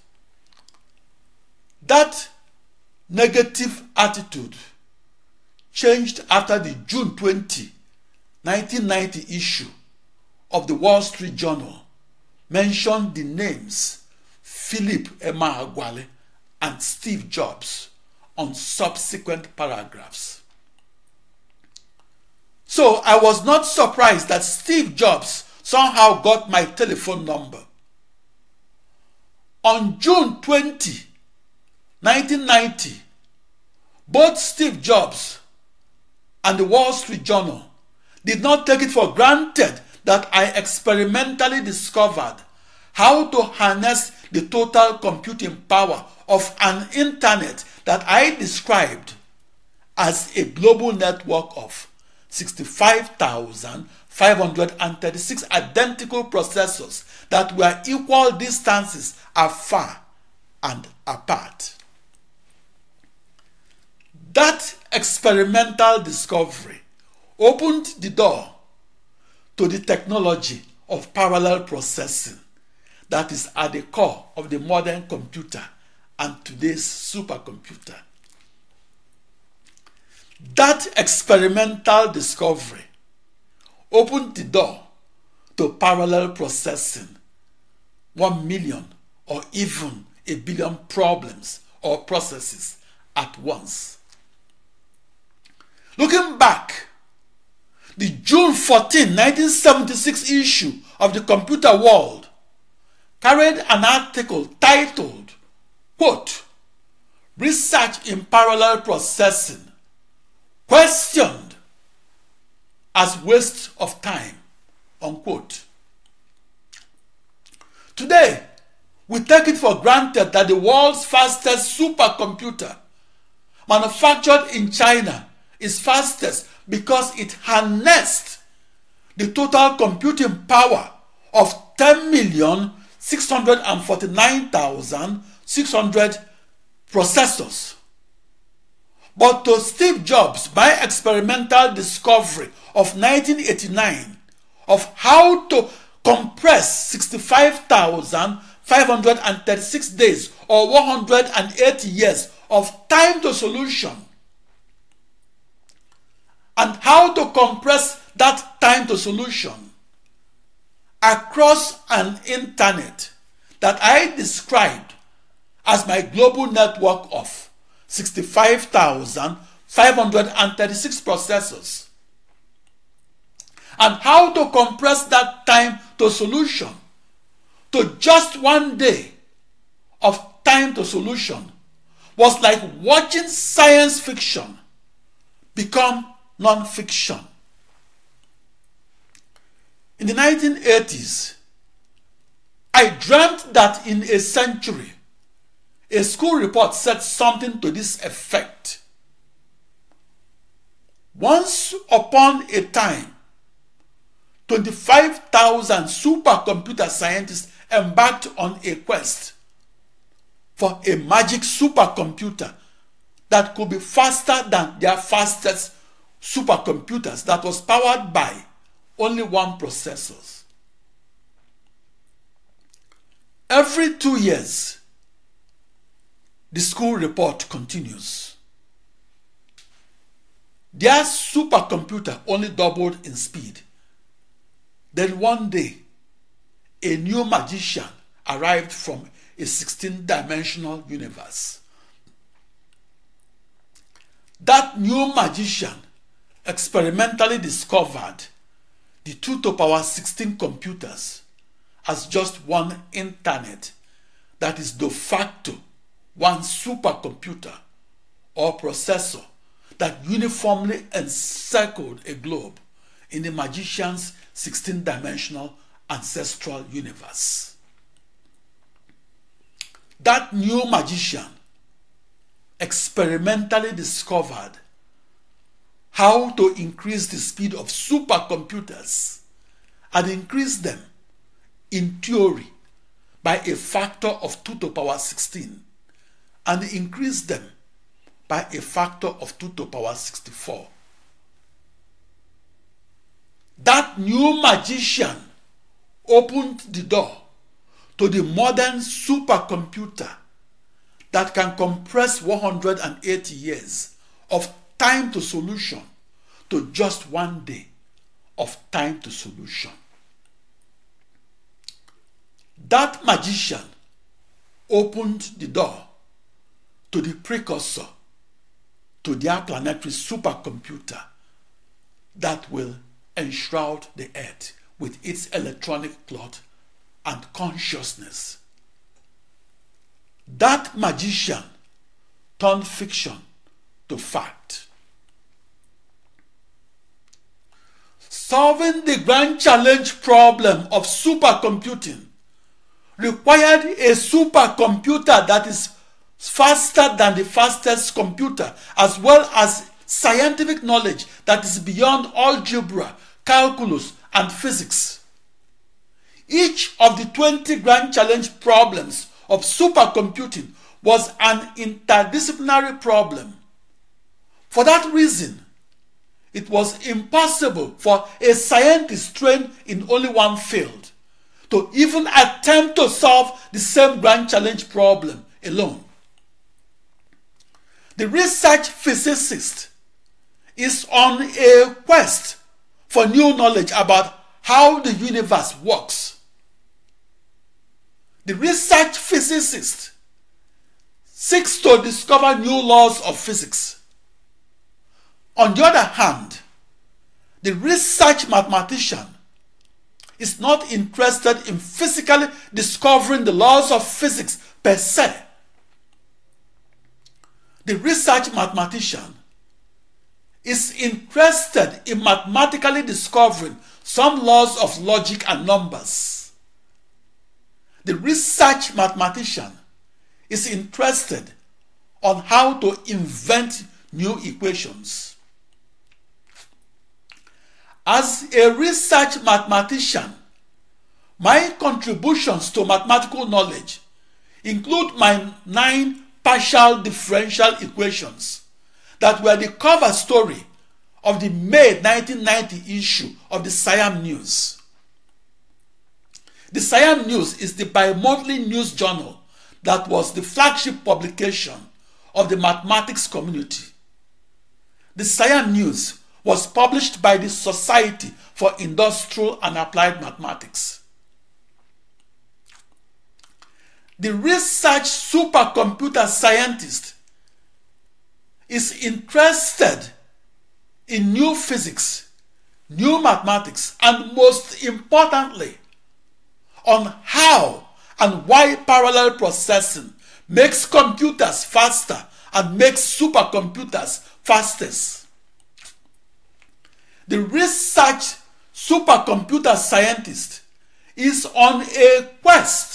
That negative attitude changed after the June 20, 1990 issue of the Wall Street Journal mentioned the names Philip Emeagwali and Steve Jobs on subsequent paragraphs. So I was not surprised that Steve Jobs somehow got my telephone number. On June 20, 1990, both Steve Jobs and the Wall Street Journal did not take it for granted that I experimentally discovered how to harness the total computing power of an internet that I described as a global network of 65,000 536 identical processors that were equal distances afar and apart. That experimental discovery opened the door to the technology of parallel processing that is at the core of the modern computer and today's supercomputer. That experimental discovery opened the door to parallel processing 1 million or even a billion problems or processes at once. Looking back, the June 14, 1976 issue of the Computer World carried an article titled, quote, Research in Parallel Processing Question as waste of time. Unquote. Today, we take it for granted that the world's fastest supercomputer, manufactured in China, is fastest because it harnessed the total computing power of 10,649,600 processors but to Steve Jobs, by experimental discovery of 1989 of how to compress 65,536 days or 108 years of time to solution and how to compress that time to solution across an internet that I described as my global network of 65,536 processors and how to compress that time to solution to just one day of time to solution was like watching science fiction become non-fiction. In the 1980s, I dreamt that in a century, A school report said something to this effect. Once upon a time, 25,000 supercomputer scientists embarked on a quest for a magic supercomputer that could be faster than their fastest supercomputers that was powered by only one processor. Every two years, The school report continues. Their supercomputer only doubled in speed. Then one day, a new magician arrived from a 16 dimensional universe. That new magician experimentally discovered the 2 to power 16 computers as just one internet that is de facto one supercomputer or processor that uniformly encircled a globe in the magician's 16 dimensional ancestral universe. That new magician experimentally discovered how to increase the speed of supercomputers and increase them in theory by a factor of 2 to the power 16 and increased them by a factor of 2 to power 64. That new magician opened the door to the modern supercomputer that can compress 180 years of time to solution to just one day of time to solution. That magician opened the door to the precursor to their planetary supercomputer that will enshroud the Earth with its electronic cloth and consciousness. That magician turned fiction to fact. Solving the grand challenge problem of supercomputing required a supercomputer that is faster than the fastest computer, as well as scientific knowledge that is beyond algebra, calculus, and physics. Each of the 20 grand challenge problems of supercomputing was an interdisciplinary problem. For that reason, it was impossible for a scientist trained in only one field to even attempt to solve the same grand challenge problem alone. The research physicist is on a quest for new knowledge about how the universe works. The research physicist seeks to discover new laws of physics. On the other hand, the research mathematician is not interested in physically discovering the laws of physics per se the research mathematician is interested in mathematically discovering some laws of logic and numbers. The research mathematician is interested on how to invent new equations. As a research mathematician, my contributions to mathematical knowledge include my nine partial differential equations that were the cover story of the May 1990 issue of the Siam News. The Siam News is the bi-monthly news journal that was the flagship publication of the mathematics community. The Siam News was published by the Society for Industrial and Applied Mathematics. The research supercomputer scientist is interested in new physics, new mathematics, and most importantly, on how and why parallel processing makes computers faster and makes supercomputers fastest. The research supercomputer scientist is on a quest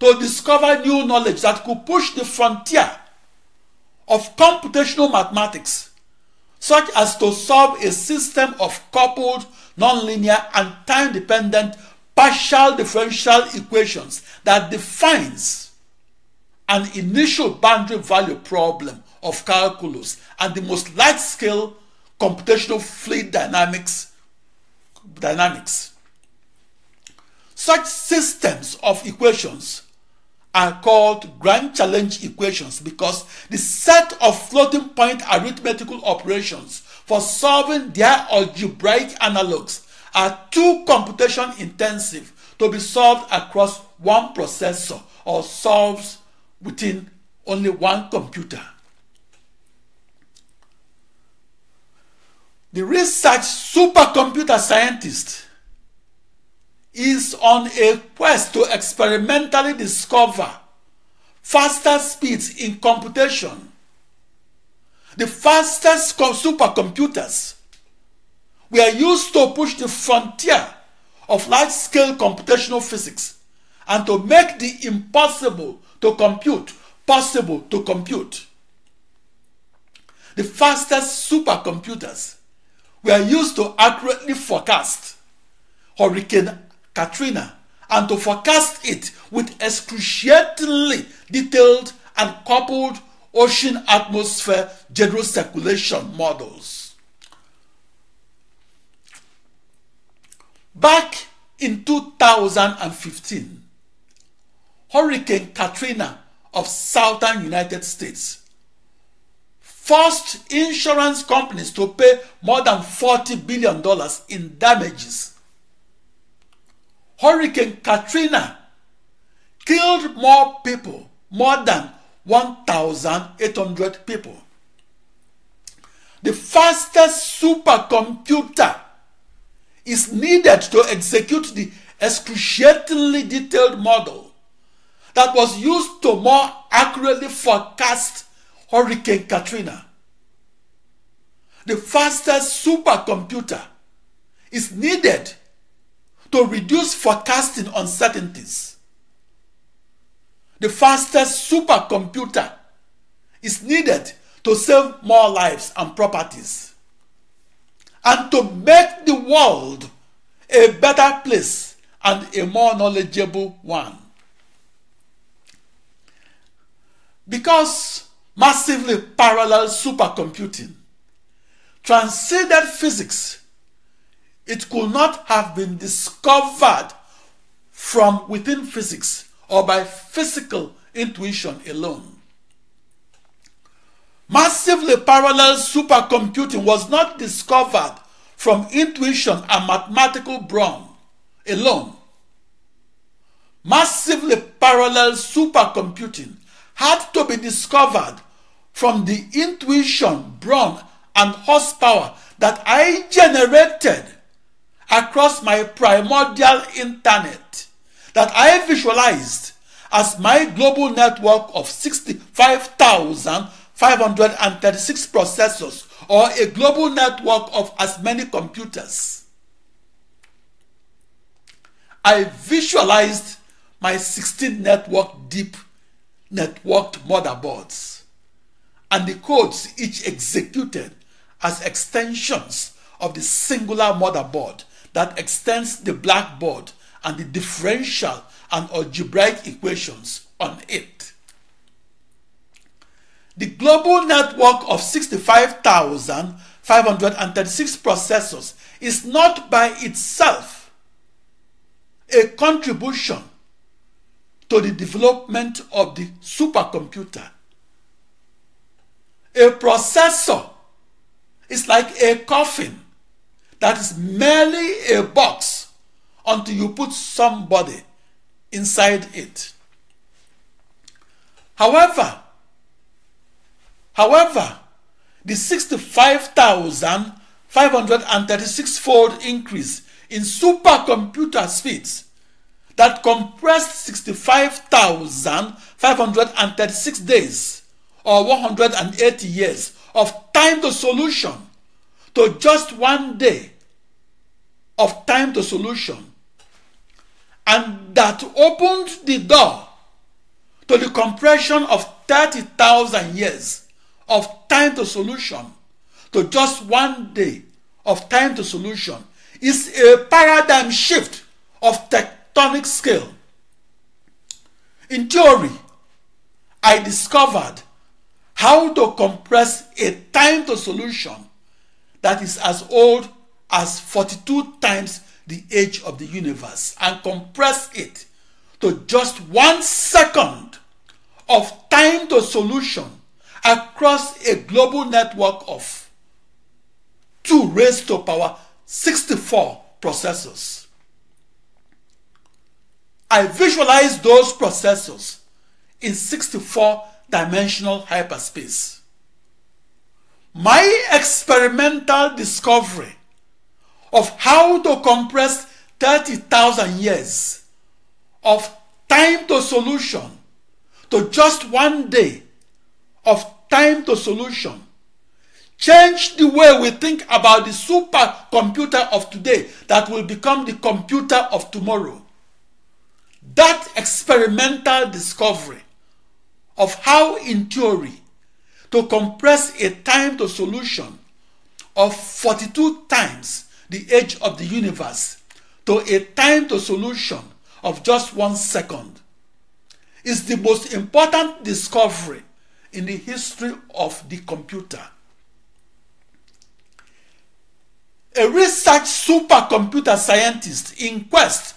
to discover new knowledge that could push the frontier of computational mathematics, such as to solve a system of coupled, nonlinear, and time dependent partial differential equations that defines an initial boundary value problem of calculus and the most large scale computational fluid dynamics. dynamics. Such systems of equations are called grand challenge equations because the set of floating point arithmetical operations for solving their algebraic analogues are too computation intensive to be solved across one processor or solved within only one computer. The research supercomputer scientist is on a quest to experimentally discover faster speeds in computation. The fastest supercomputers were used to push the frontier of large scale computational physics and to make the impossible to compute possible to compute. The fastest supercomputers were used to accurately forecast hurricane Katrina and to forecast it with excruciatingly detailed and coupled ocean atmosphere general circulation models. Back in 2015, Hurricane Katrina of southern United States forced insurance companies to pay more than $40 billion in damages Hurricane Katrina killed more people, more than 1,800 people. The fastest supercomputer is needed to execute the excruciatingly detailed model that was used to more accurately forecast Hurricane Katrina. The fastest supercomputer is needed to reduce forecasting uncertainties. The fastest supercomputer is needed to save more lives and properties and to make the world a better place and a more knowledgeable one. Because massively parallel supercomputing transcended physics it could not have been discovered from within physics or by physical intuition alone. Massively parallel supercomputing was not discovered from intuition and mathematical brawn alone. Massively parallel supercomputing had to be discovered from the intuition, brawn, and horsepower that I generated across my primordial internet that I visualized as my global network of 65,536 processors or a global network of as many computers. I visualized my 16 network deep networked motherboards and the codes each executed as extensions of the singular motherboard that extends the blackboard and the differential and algebraic equations on it. The global network of 65,536 processors is not by itself a contribution to the development of the supercomputer. A processor is like a coffin that is merely a box until you put somebody inside it. However, however, the 65,536 fold increase in supercomputer speeds that compressed 65,536 days or 180 years of time to solution to just one day of time to solution. And that opened the door to the compression of 30,000 years of time to solution to just one day of time to solution is a paradigm shift of tectonic scale. In theory, I discovered how to compress a time to solution that is as old as 42 times the age of the universe and compress it to just one second of time to solution across a global network of 2 raised to power 64 processors. I visualize those processors in 64 dimensional hyperspace. My experimental discovery of how to compress 30,000 years of time to solution to just one day of time to solution changed the way we think about the supercomputer of today that will become the computer of tomorrow. That experimental discovery of how, in theory, to compress a time to solution of 42 times the age of the universe to a time to solution of just one second is the most important discovery in the history of the computer. A research supercomputer scientist in quest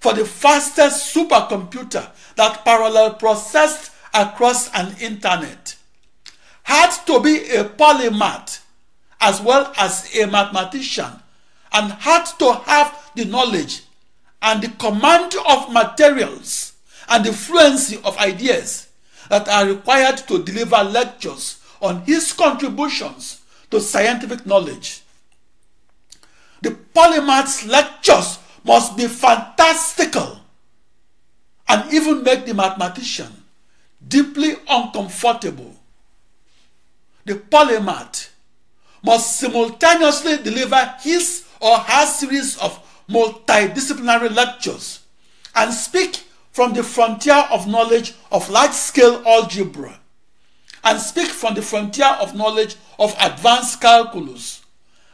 for the fastest supercomputer that parallel processed across an internet had to be a polymath as well as a mathematician and had to have the knowledge and the command of materials and the fluency of ideas that are required to deliver lectures on his contributions to scientific knowledge. The polymath's lectures must be fantastical and even make the mathematician deeply uncomfortable the polymath must simultaneously deliver his or her series of multidisciplinary lectures and speak from the frontier of knowledge of large-scale algebra and speak from the frontier of knowledge of advanced calculus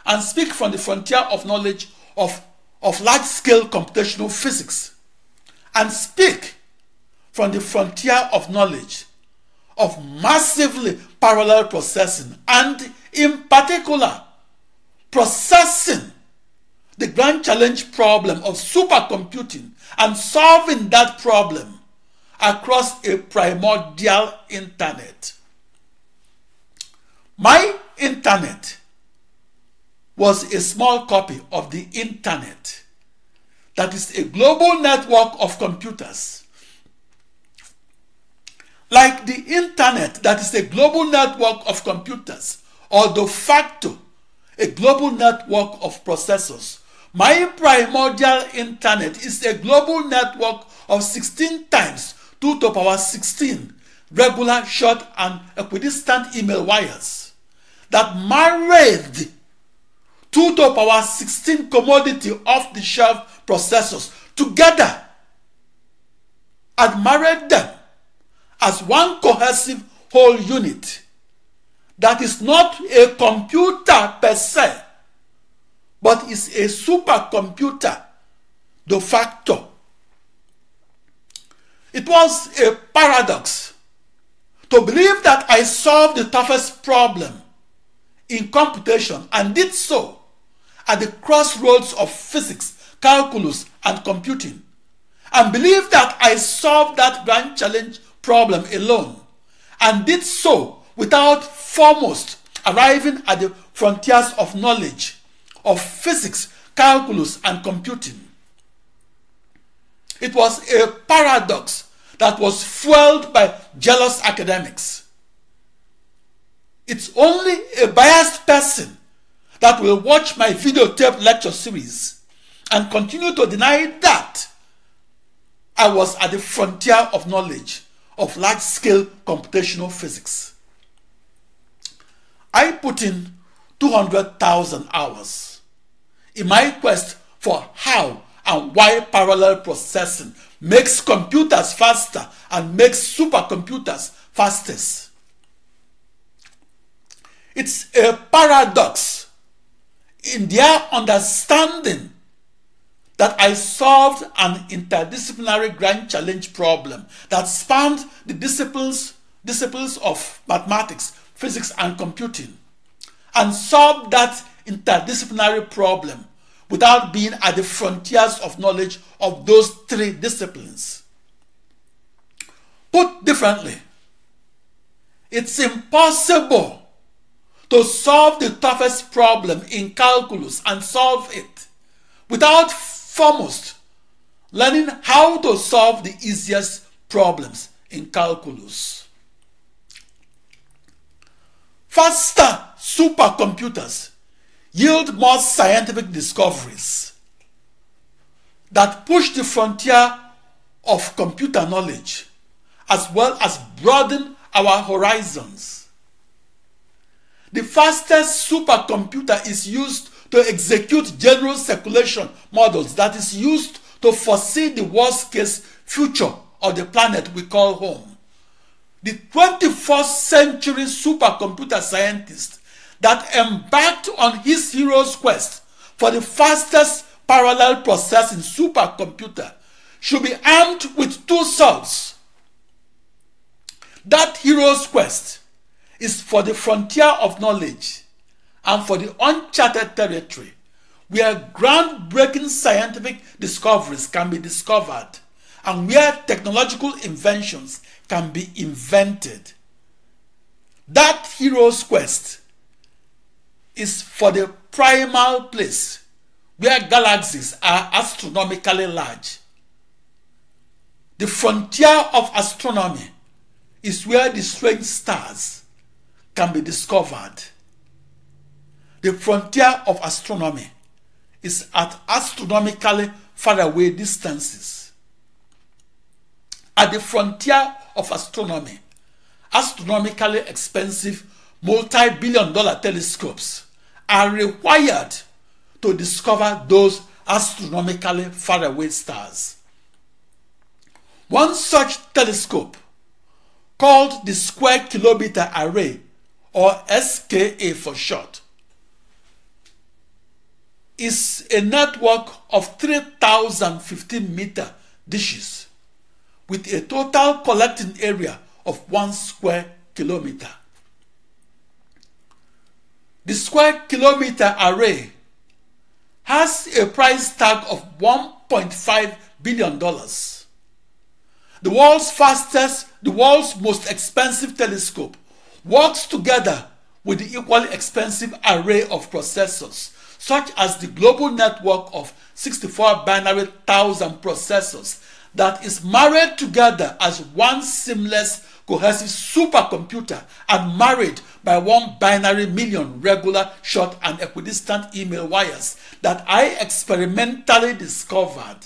and speak from the frontier of knowledge of, of large-scale computational physics and speak from the frontier of knowledge of massively parallel processing and, in particular, processing the grand challenge problem of supercomputing and solving that problem across a primordial internet. My internet was a small copy of the internet that is a global network of computers like the internet that is a global network of computers or de facto a global network of processors my primordial internet is a global network of sixteen times two to power sixteen regular short and equidistant email wires that married two to power sixteen commodity off-the-shelf processors together and married them as one cohesive whole unit that is not a computer per se, but is a supercomputer de facto. It was a paradox to believe that I solved the toughest problem in computation and did so at the crossroads of physics, calculus, and computing and believe that I solved that grand challenge problem alone and did so without foremost arriving at the frontiers of knowledge of physics, calculus, and computing. It was a paradox that was fueled by jealous academics. It's only a biased person that will watch my videotape lecture series and continue to deny that I was at the frontier of knowledge of large scale computational physics. I put in 200,000 hours in my quest for how and why parallel processing makes computers faster and makes supercomputers fastest. It's a paradox in their understanding that I solved an interdisciplinary grand challenge problem that spanned the disciplines, disciplines of mathematics, physics, and computing, and solved that interdisciplinary problem without being at the frontiers of knowledge of those three disciplines. Put differently, it's impossible to solve the toughest problem in calculus and solve it without foremost, learning how to solve the easiest problems in calculus. Faster supercomputers yield more scientific discoveries that push the frontier of computer knowledge as well as broaden our horizons. The fastest supercomputer is used to execute general circulation models that is used to foresee the worst-case future of the planet we call home. The 21st century supercomputer scientist that embarked on his hero's quest for the fastest parallel processing supercomputer should be armed with two swords. That hero's quest is for the frontier of knowledge and for the uncharted territory where groundbreaking scientific discoveries can be discovered and where technological inventions can be invented. That hero's quest is for the primal place where galaxies are astronomically large. The frontier of astronomy is where the strange stars can be discovered. the frontier of astronomy is at astronomically faraway distances. At the frontier of astronomy, astronomically expensive multi-billion dollar telescopes are required to discover those astronomically faraway stars. One such telescope, called the Square Kilometer Array, or SKA for short, is a network of 3,015 meter dishes with a total collecting area of one square kilometer. The square kilometer array has a price tag of $1.5 billion. The world's fastest, the world's most expensive telescope works together with the equally expensive array of processors such as the global network of 64 binary thousand processors that is married together as one seamless cohesive supercomputer and married by one binary million regular short and equidistant email wires that I experimentally discovered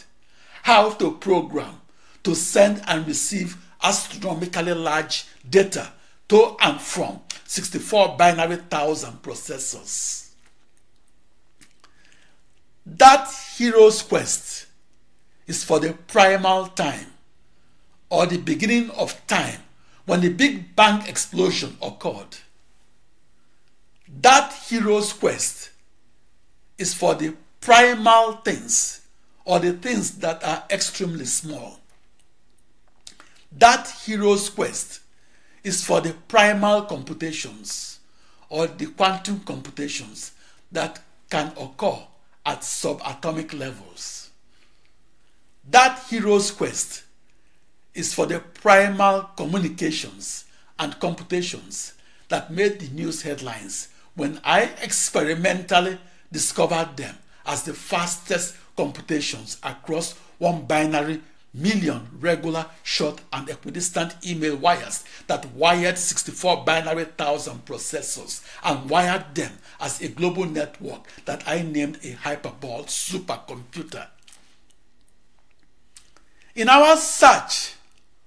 how to program to send and receive astronomically large data to and from 64 binary thousand processors. That hero's quest is for the primal time or the beginning of time when the Big Bang explosion occurred. That hero's quest is for the primal things or the things that are extremely small. That hero's quest is for the primal computations or the quantum computations that can occur at subatomic levels. That hero's quest is for the primal communications and computations that made the news headlines when I experimentally discovered them as the fastest computations across one binary million regular short and equidistant email wires that wired 64 binary thousand processors and wired them as a global network that I named a Hyperball supercomputer. In our search,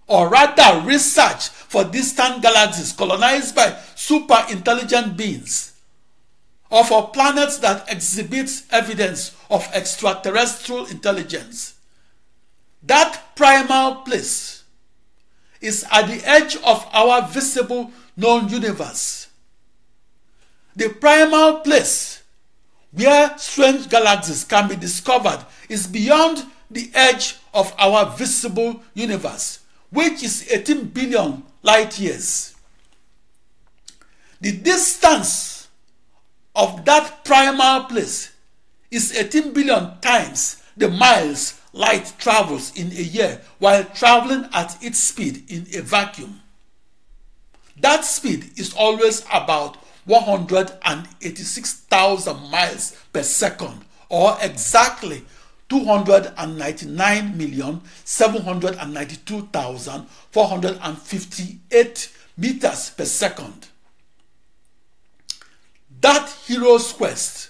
or rather research, for distant galaxies colonized by super intelligent beings, or for planets that exhibit evidence of extraterrestrial intelligence, that primal place is at the edge of our visible known universe. The primal place where strange galaxies can be discovered is beyond the edge of our visible universe, which is 18 billion light years. The distance of that primal place is 18 billion times the miles light travels in a year while traveling at its speed in a vacuum. That speed is always about 186,000 miles per second, or exactly 299,792,458 meters per second. That hero's quest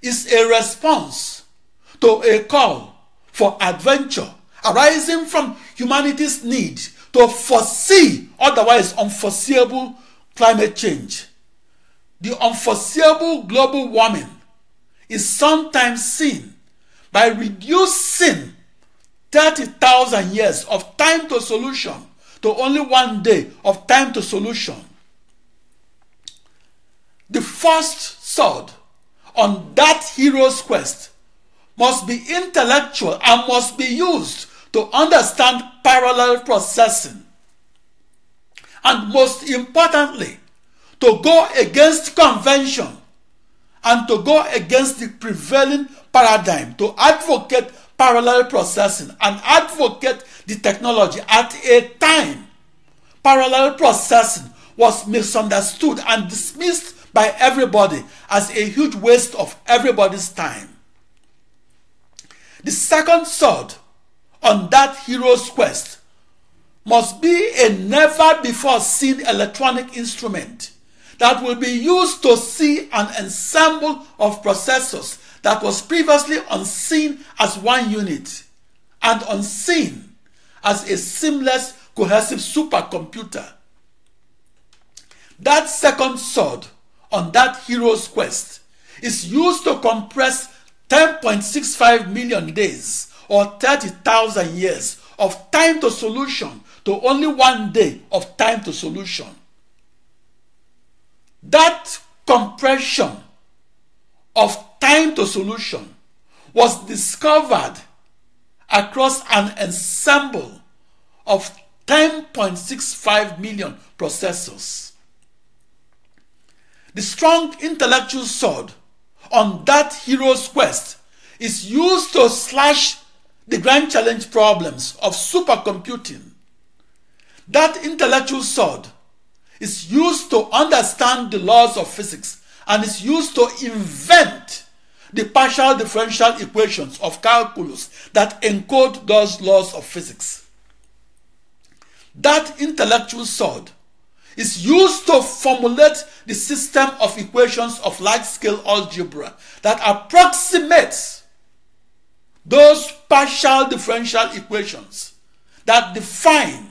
is a response to a call for adventure arising from humanity's need to foresee otherwise unforeseeable climate change. The unforeseeable global warming is sometimes seen by reducing 30,000 years of time to solution to only one day of time to solution. The first sword on that hero's quest must be intellectual and must be used to understand parallel processing. And most importantly, to go against convention and to go against the prevailing paradigm, to advocate parallel processing and advocate the technology at a time parallel processing was misunderstood and dismissed by everybody as a huge waste of everybody's time. The second sword on that hero's quest must be a never before seen electronic instrument that will be used to see an ensemble of processors that was previously unseen as one unit and unseen as a seamless cohesive supercomputer. That second sword on that hero's quest is used to compress 10.65 million days or 30,000 years of time to solution to only one day of time to solution. That compression of time to solution was discovered across an ensemble of 10.65 million processors. The strong intellectual sword on that hero's quest is used to slash the grand challenge problems of supercomputing. That intellectual sword is used to understand the laws of physics and is used to invent the partial differential equations of calculus that encode those laws of physics. That intellectual sword is used to formulate the system of equations of large-scale algebra that approximates those partial differential equations that define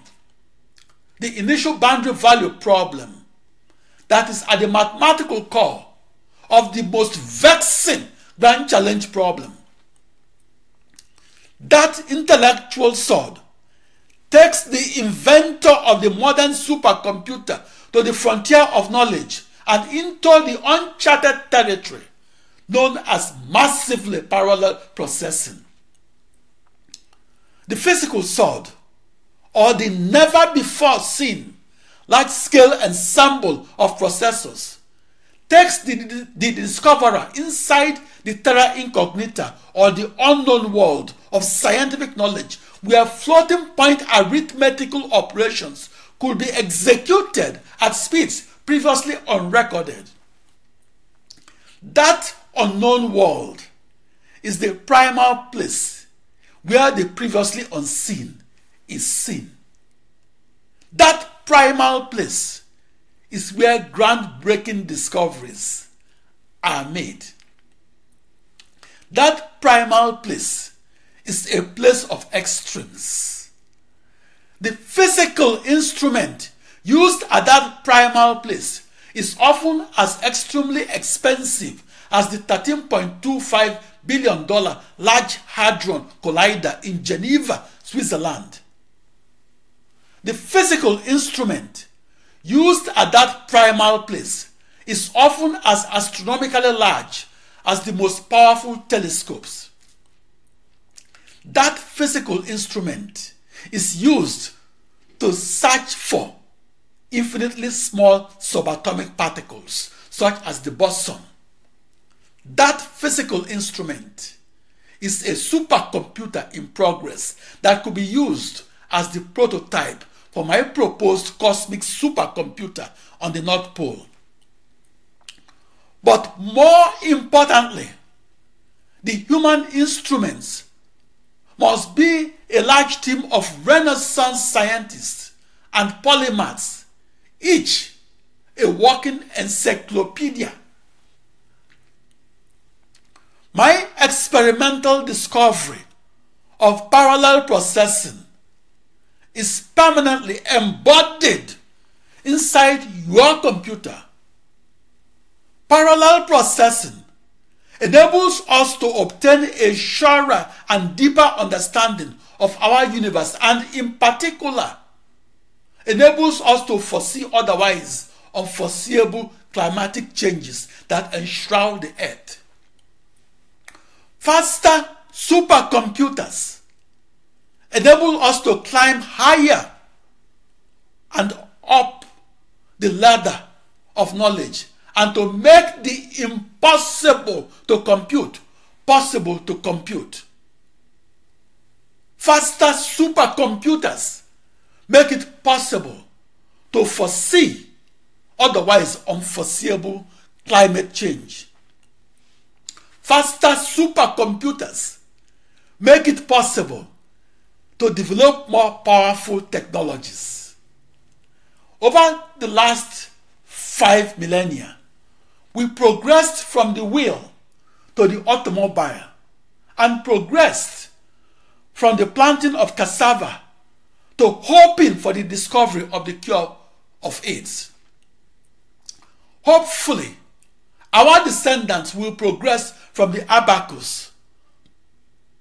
the initial boundary value problem that is at the mathematical core of the most vexing grand challenge problem. That intellectual sword takes the inventor of the modern supercomputer to the frontier of knowledge and into the uncharted territory known as massively parallel processing. The physical sword, or the never before seen large scale ensemble of processors, takes the, the discoverer inside the terra incognita or the unknown world of scientific knowledge where floating point arithmetical operations could be executed at speeds previously unrecorded. That unknown world is the primal place where the previously unseen is seen. That primal place is where groundbreaking discoveries are made. That primal place is a place of extremes. The physical instrument used at that primal place is often as extremely expensive as the $13.25 billion Large Hadron Collider in Geneva, Switzerland. The physical instrument used at that primal place is often as astronomically large as the most powerful telescopes that physical instrument is used to search for infinitely small subatomic particles, such as the boson. That physical instrument is a supercomputer in progress that could be used as the prototype for my proposed cosmic supercomputer on the North Pole. But more importantly, the human instruments must be a large team of Renaissance scientists and polymaths, each a working encyclopedia. My experimental discovery of parallel processing is permanently embodied inside your computer. Parallel processing enables us to obtain a surer and deeper understanding of our universe and, in particular, enables us to foresee otherwise unforeseeable climatic changes that enshroud the Earth. Faster supercomputers enable us to climb higher and up the ladder of knowledge and to make the impossible to compute possible to compute. Faster supercomputers make it possible to foresee otherwise unforeseeable climate change. Faster supercomputers make it possible to develop more powerful technologies. Over the last five millennia, we progressed from the wheel to the automobile and progressed from the planting of cassava to hoping for the discovery of the cure of AIDS. Hopefully, our descendants will progress from the abacus.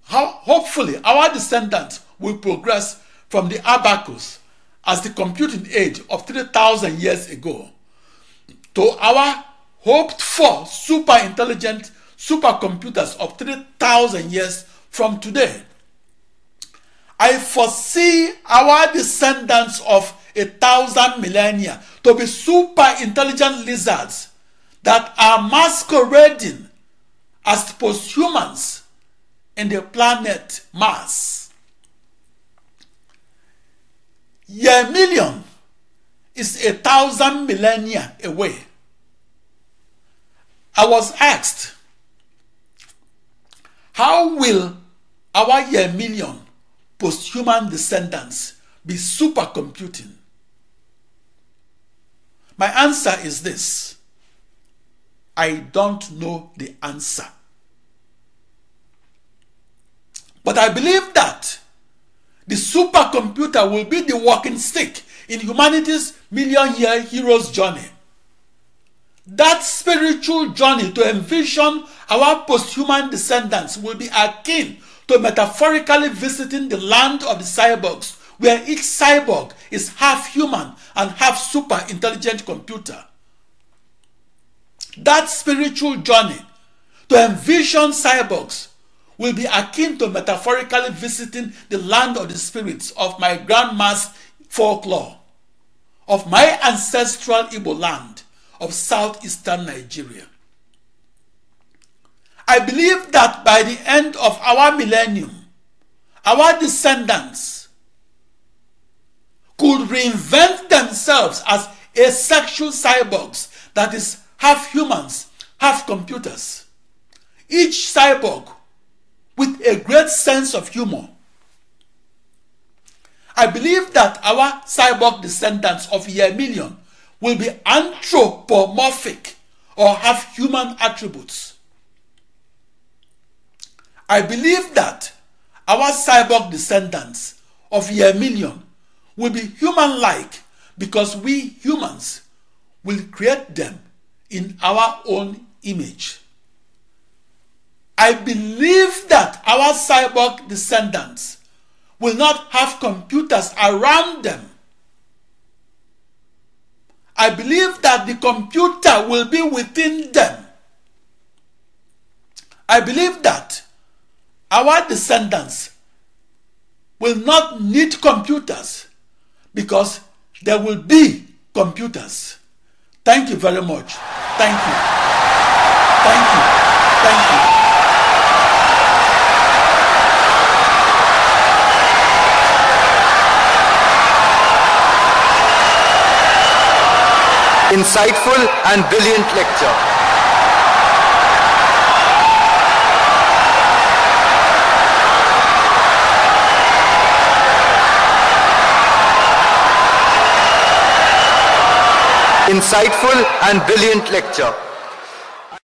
hopefully, our descendants will progress from the abacus as the computing age of 3,000 years ago to our hoped for super intelligent supercomputers of 3,000 years from today. I foresee our descendants of a thousand millennia to be super intelligent lizards that are masquerading as posthumans in the planet Mars. Year million is a thousand millennia away. I was asked, how will our year post-human descendants be supercomputing? My answer is this. I don't know the answer. But I believe that the supercomputer will be the walking stick in humanity's million-year hero's journey that spiritual journey to envision our posthuman descendants will be akin to metaphorically visiting the land of the cyborgs, where each cyborg is half human and half super intelligent computer. That spiritual journey to envision cyborgs will be akin to metaphorically visiting the land of the spirits of my grandma's folklore, of my ancestral Igbo land, of southeastern Nigeria. I believe that by the end of our millennium, our descendants could reinvent themselves as asexual cyborgs, that is, half humans, half computers. Each cyborg with a great sense of humor. I believe that our cyborg descendants of a million will be anthropomorphic or have human attributes. I believe that our cyborg descendants of year million will be human like because we humans will create them in our own image. I believe that our cyborg descendants will not have computers around them I believe that the computer will be within them. I believe that our descendants will not need computers because there will be computers. Thank you very much. Thank you. Thank you. Thank you. insightful and brilliant lecture. Insightful and brilliant lecture.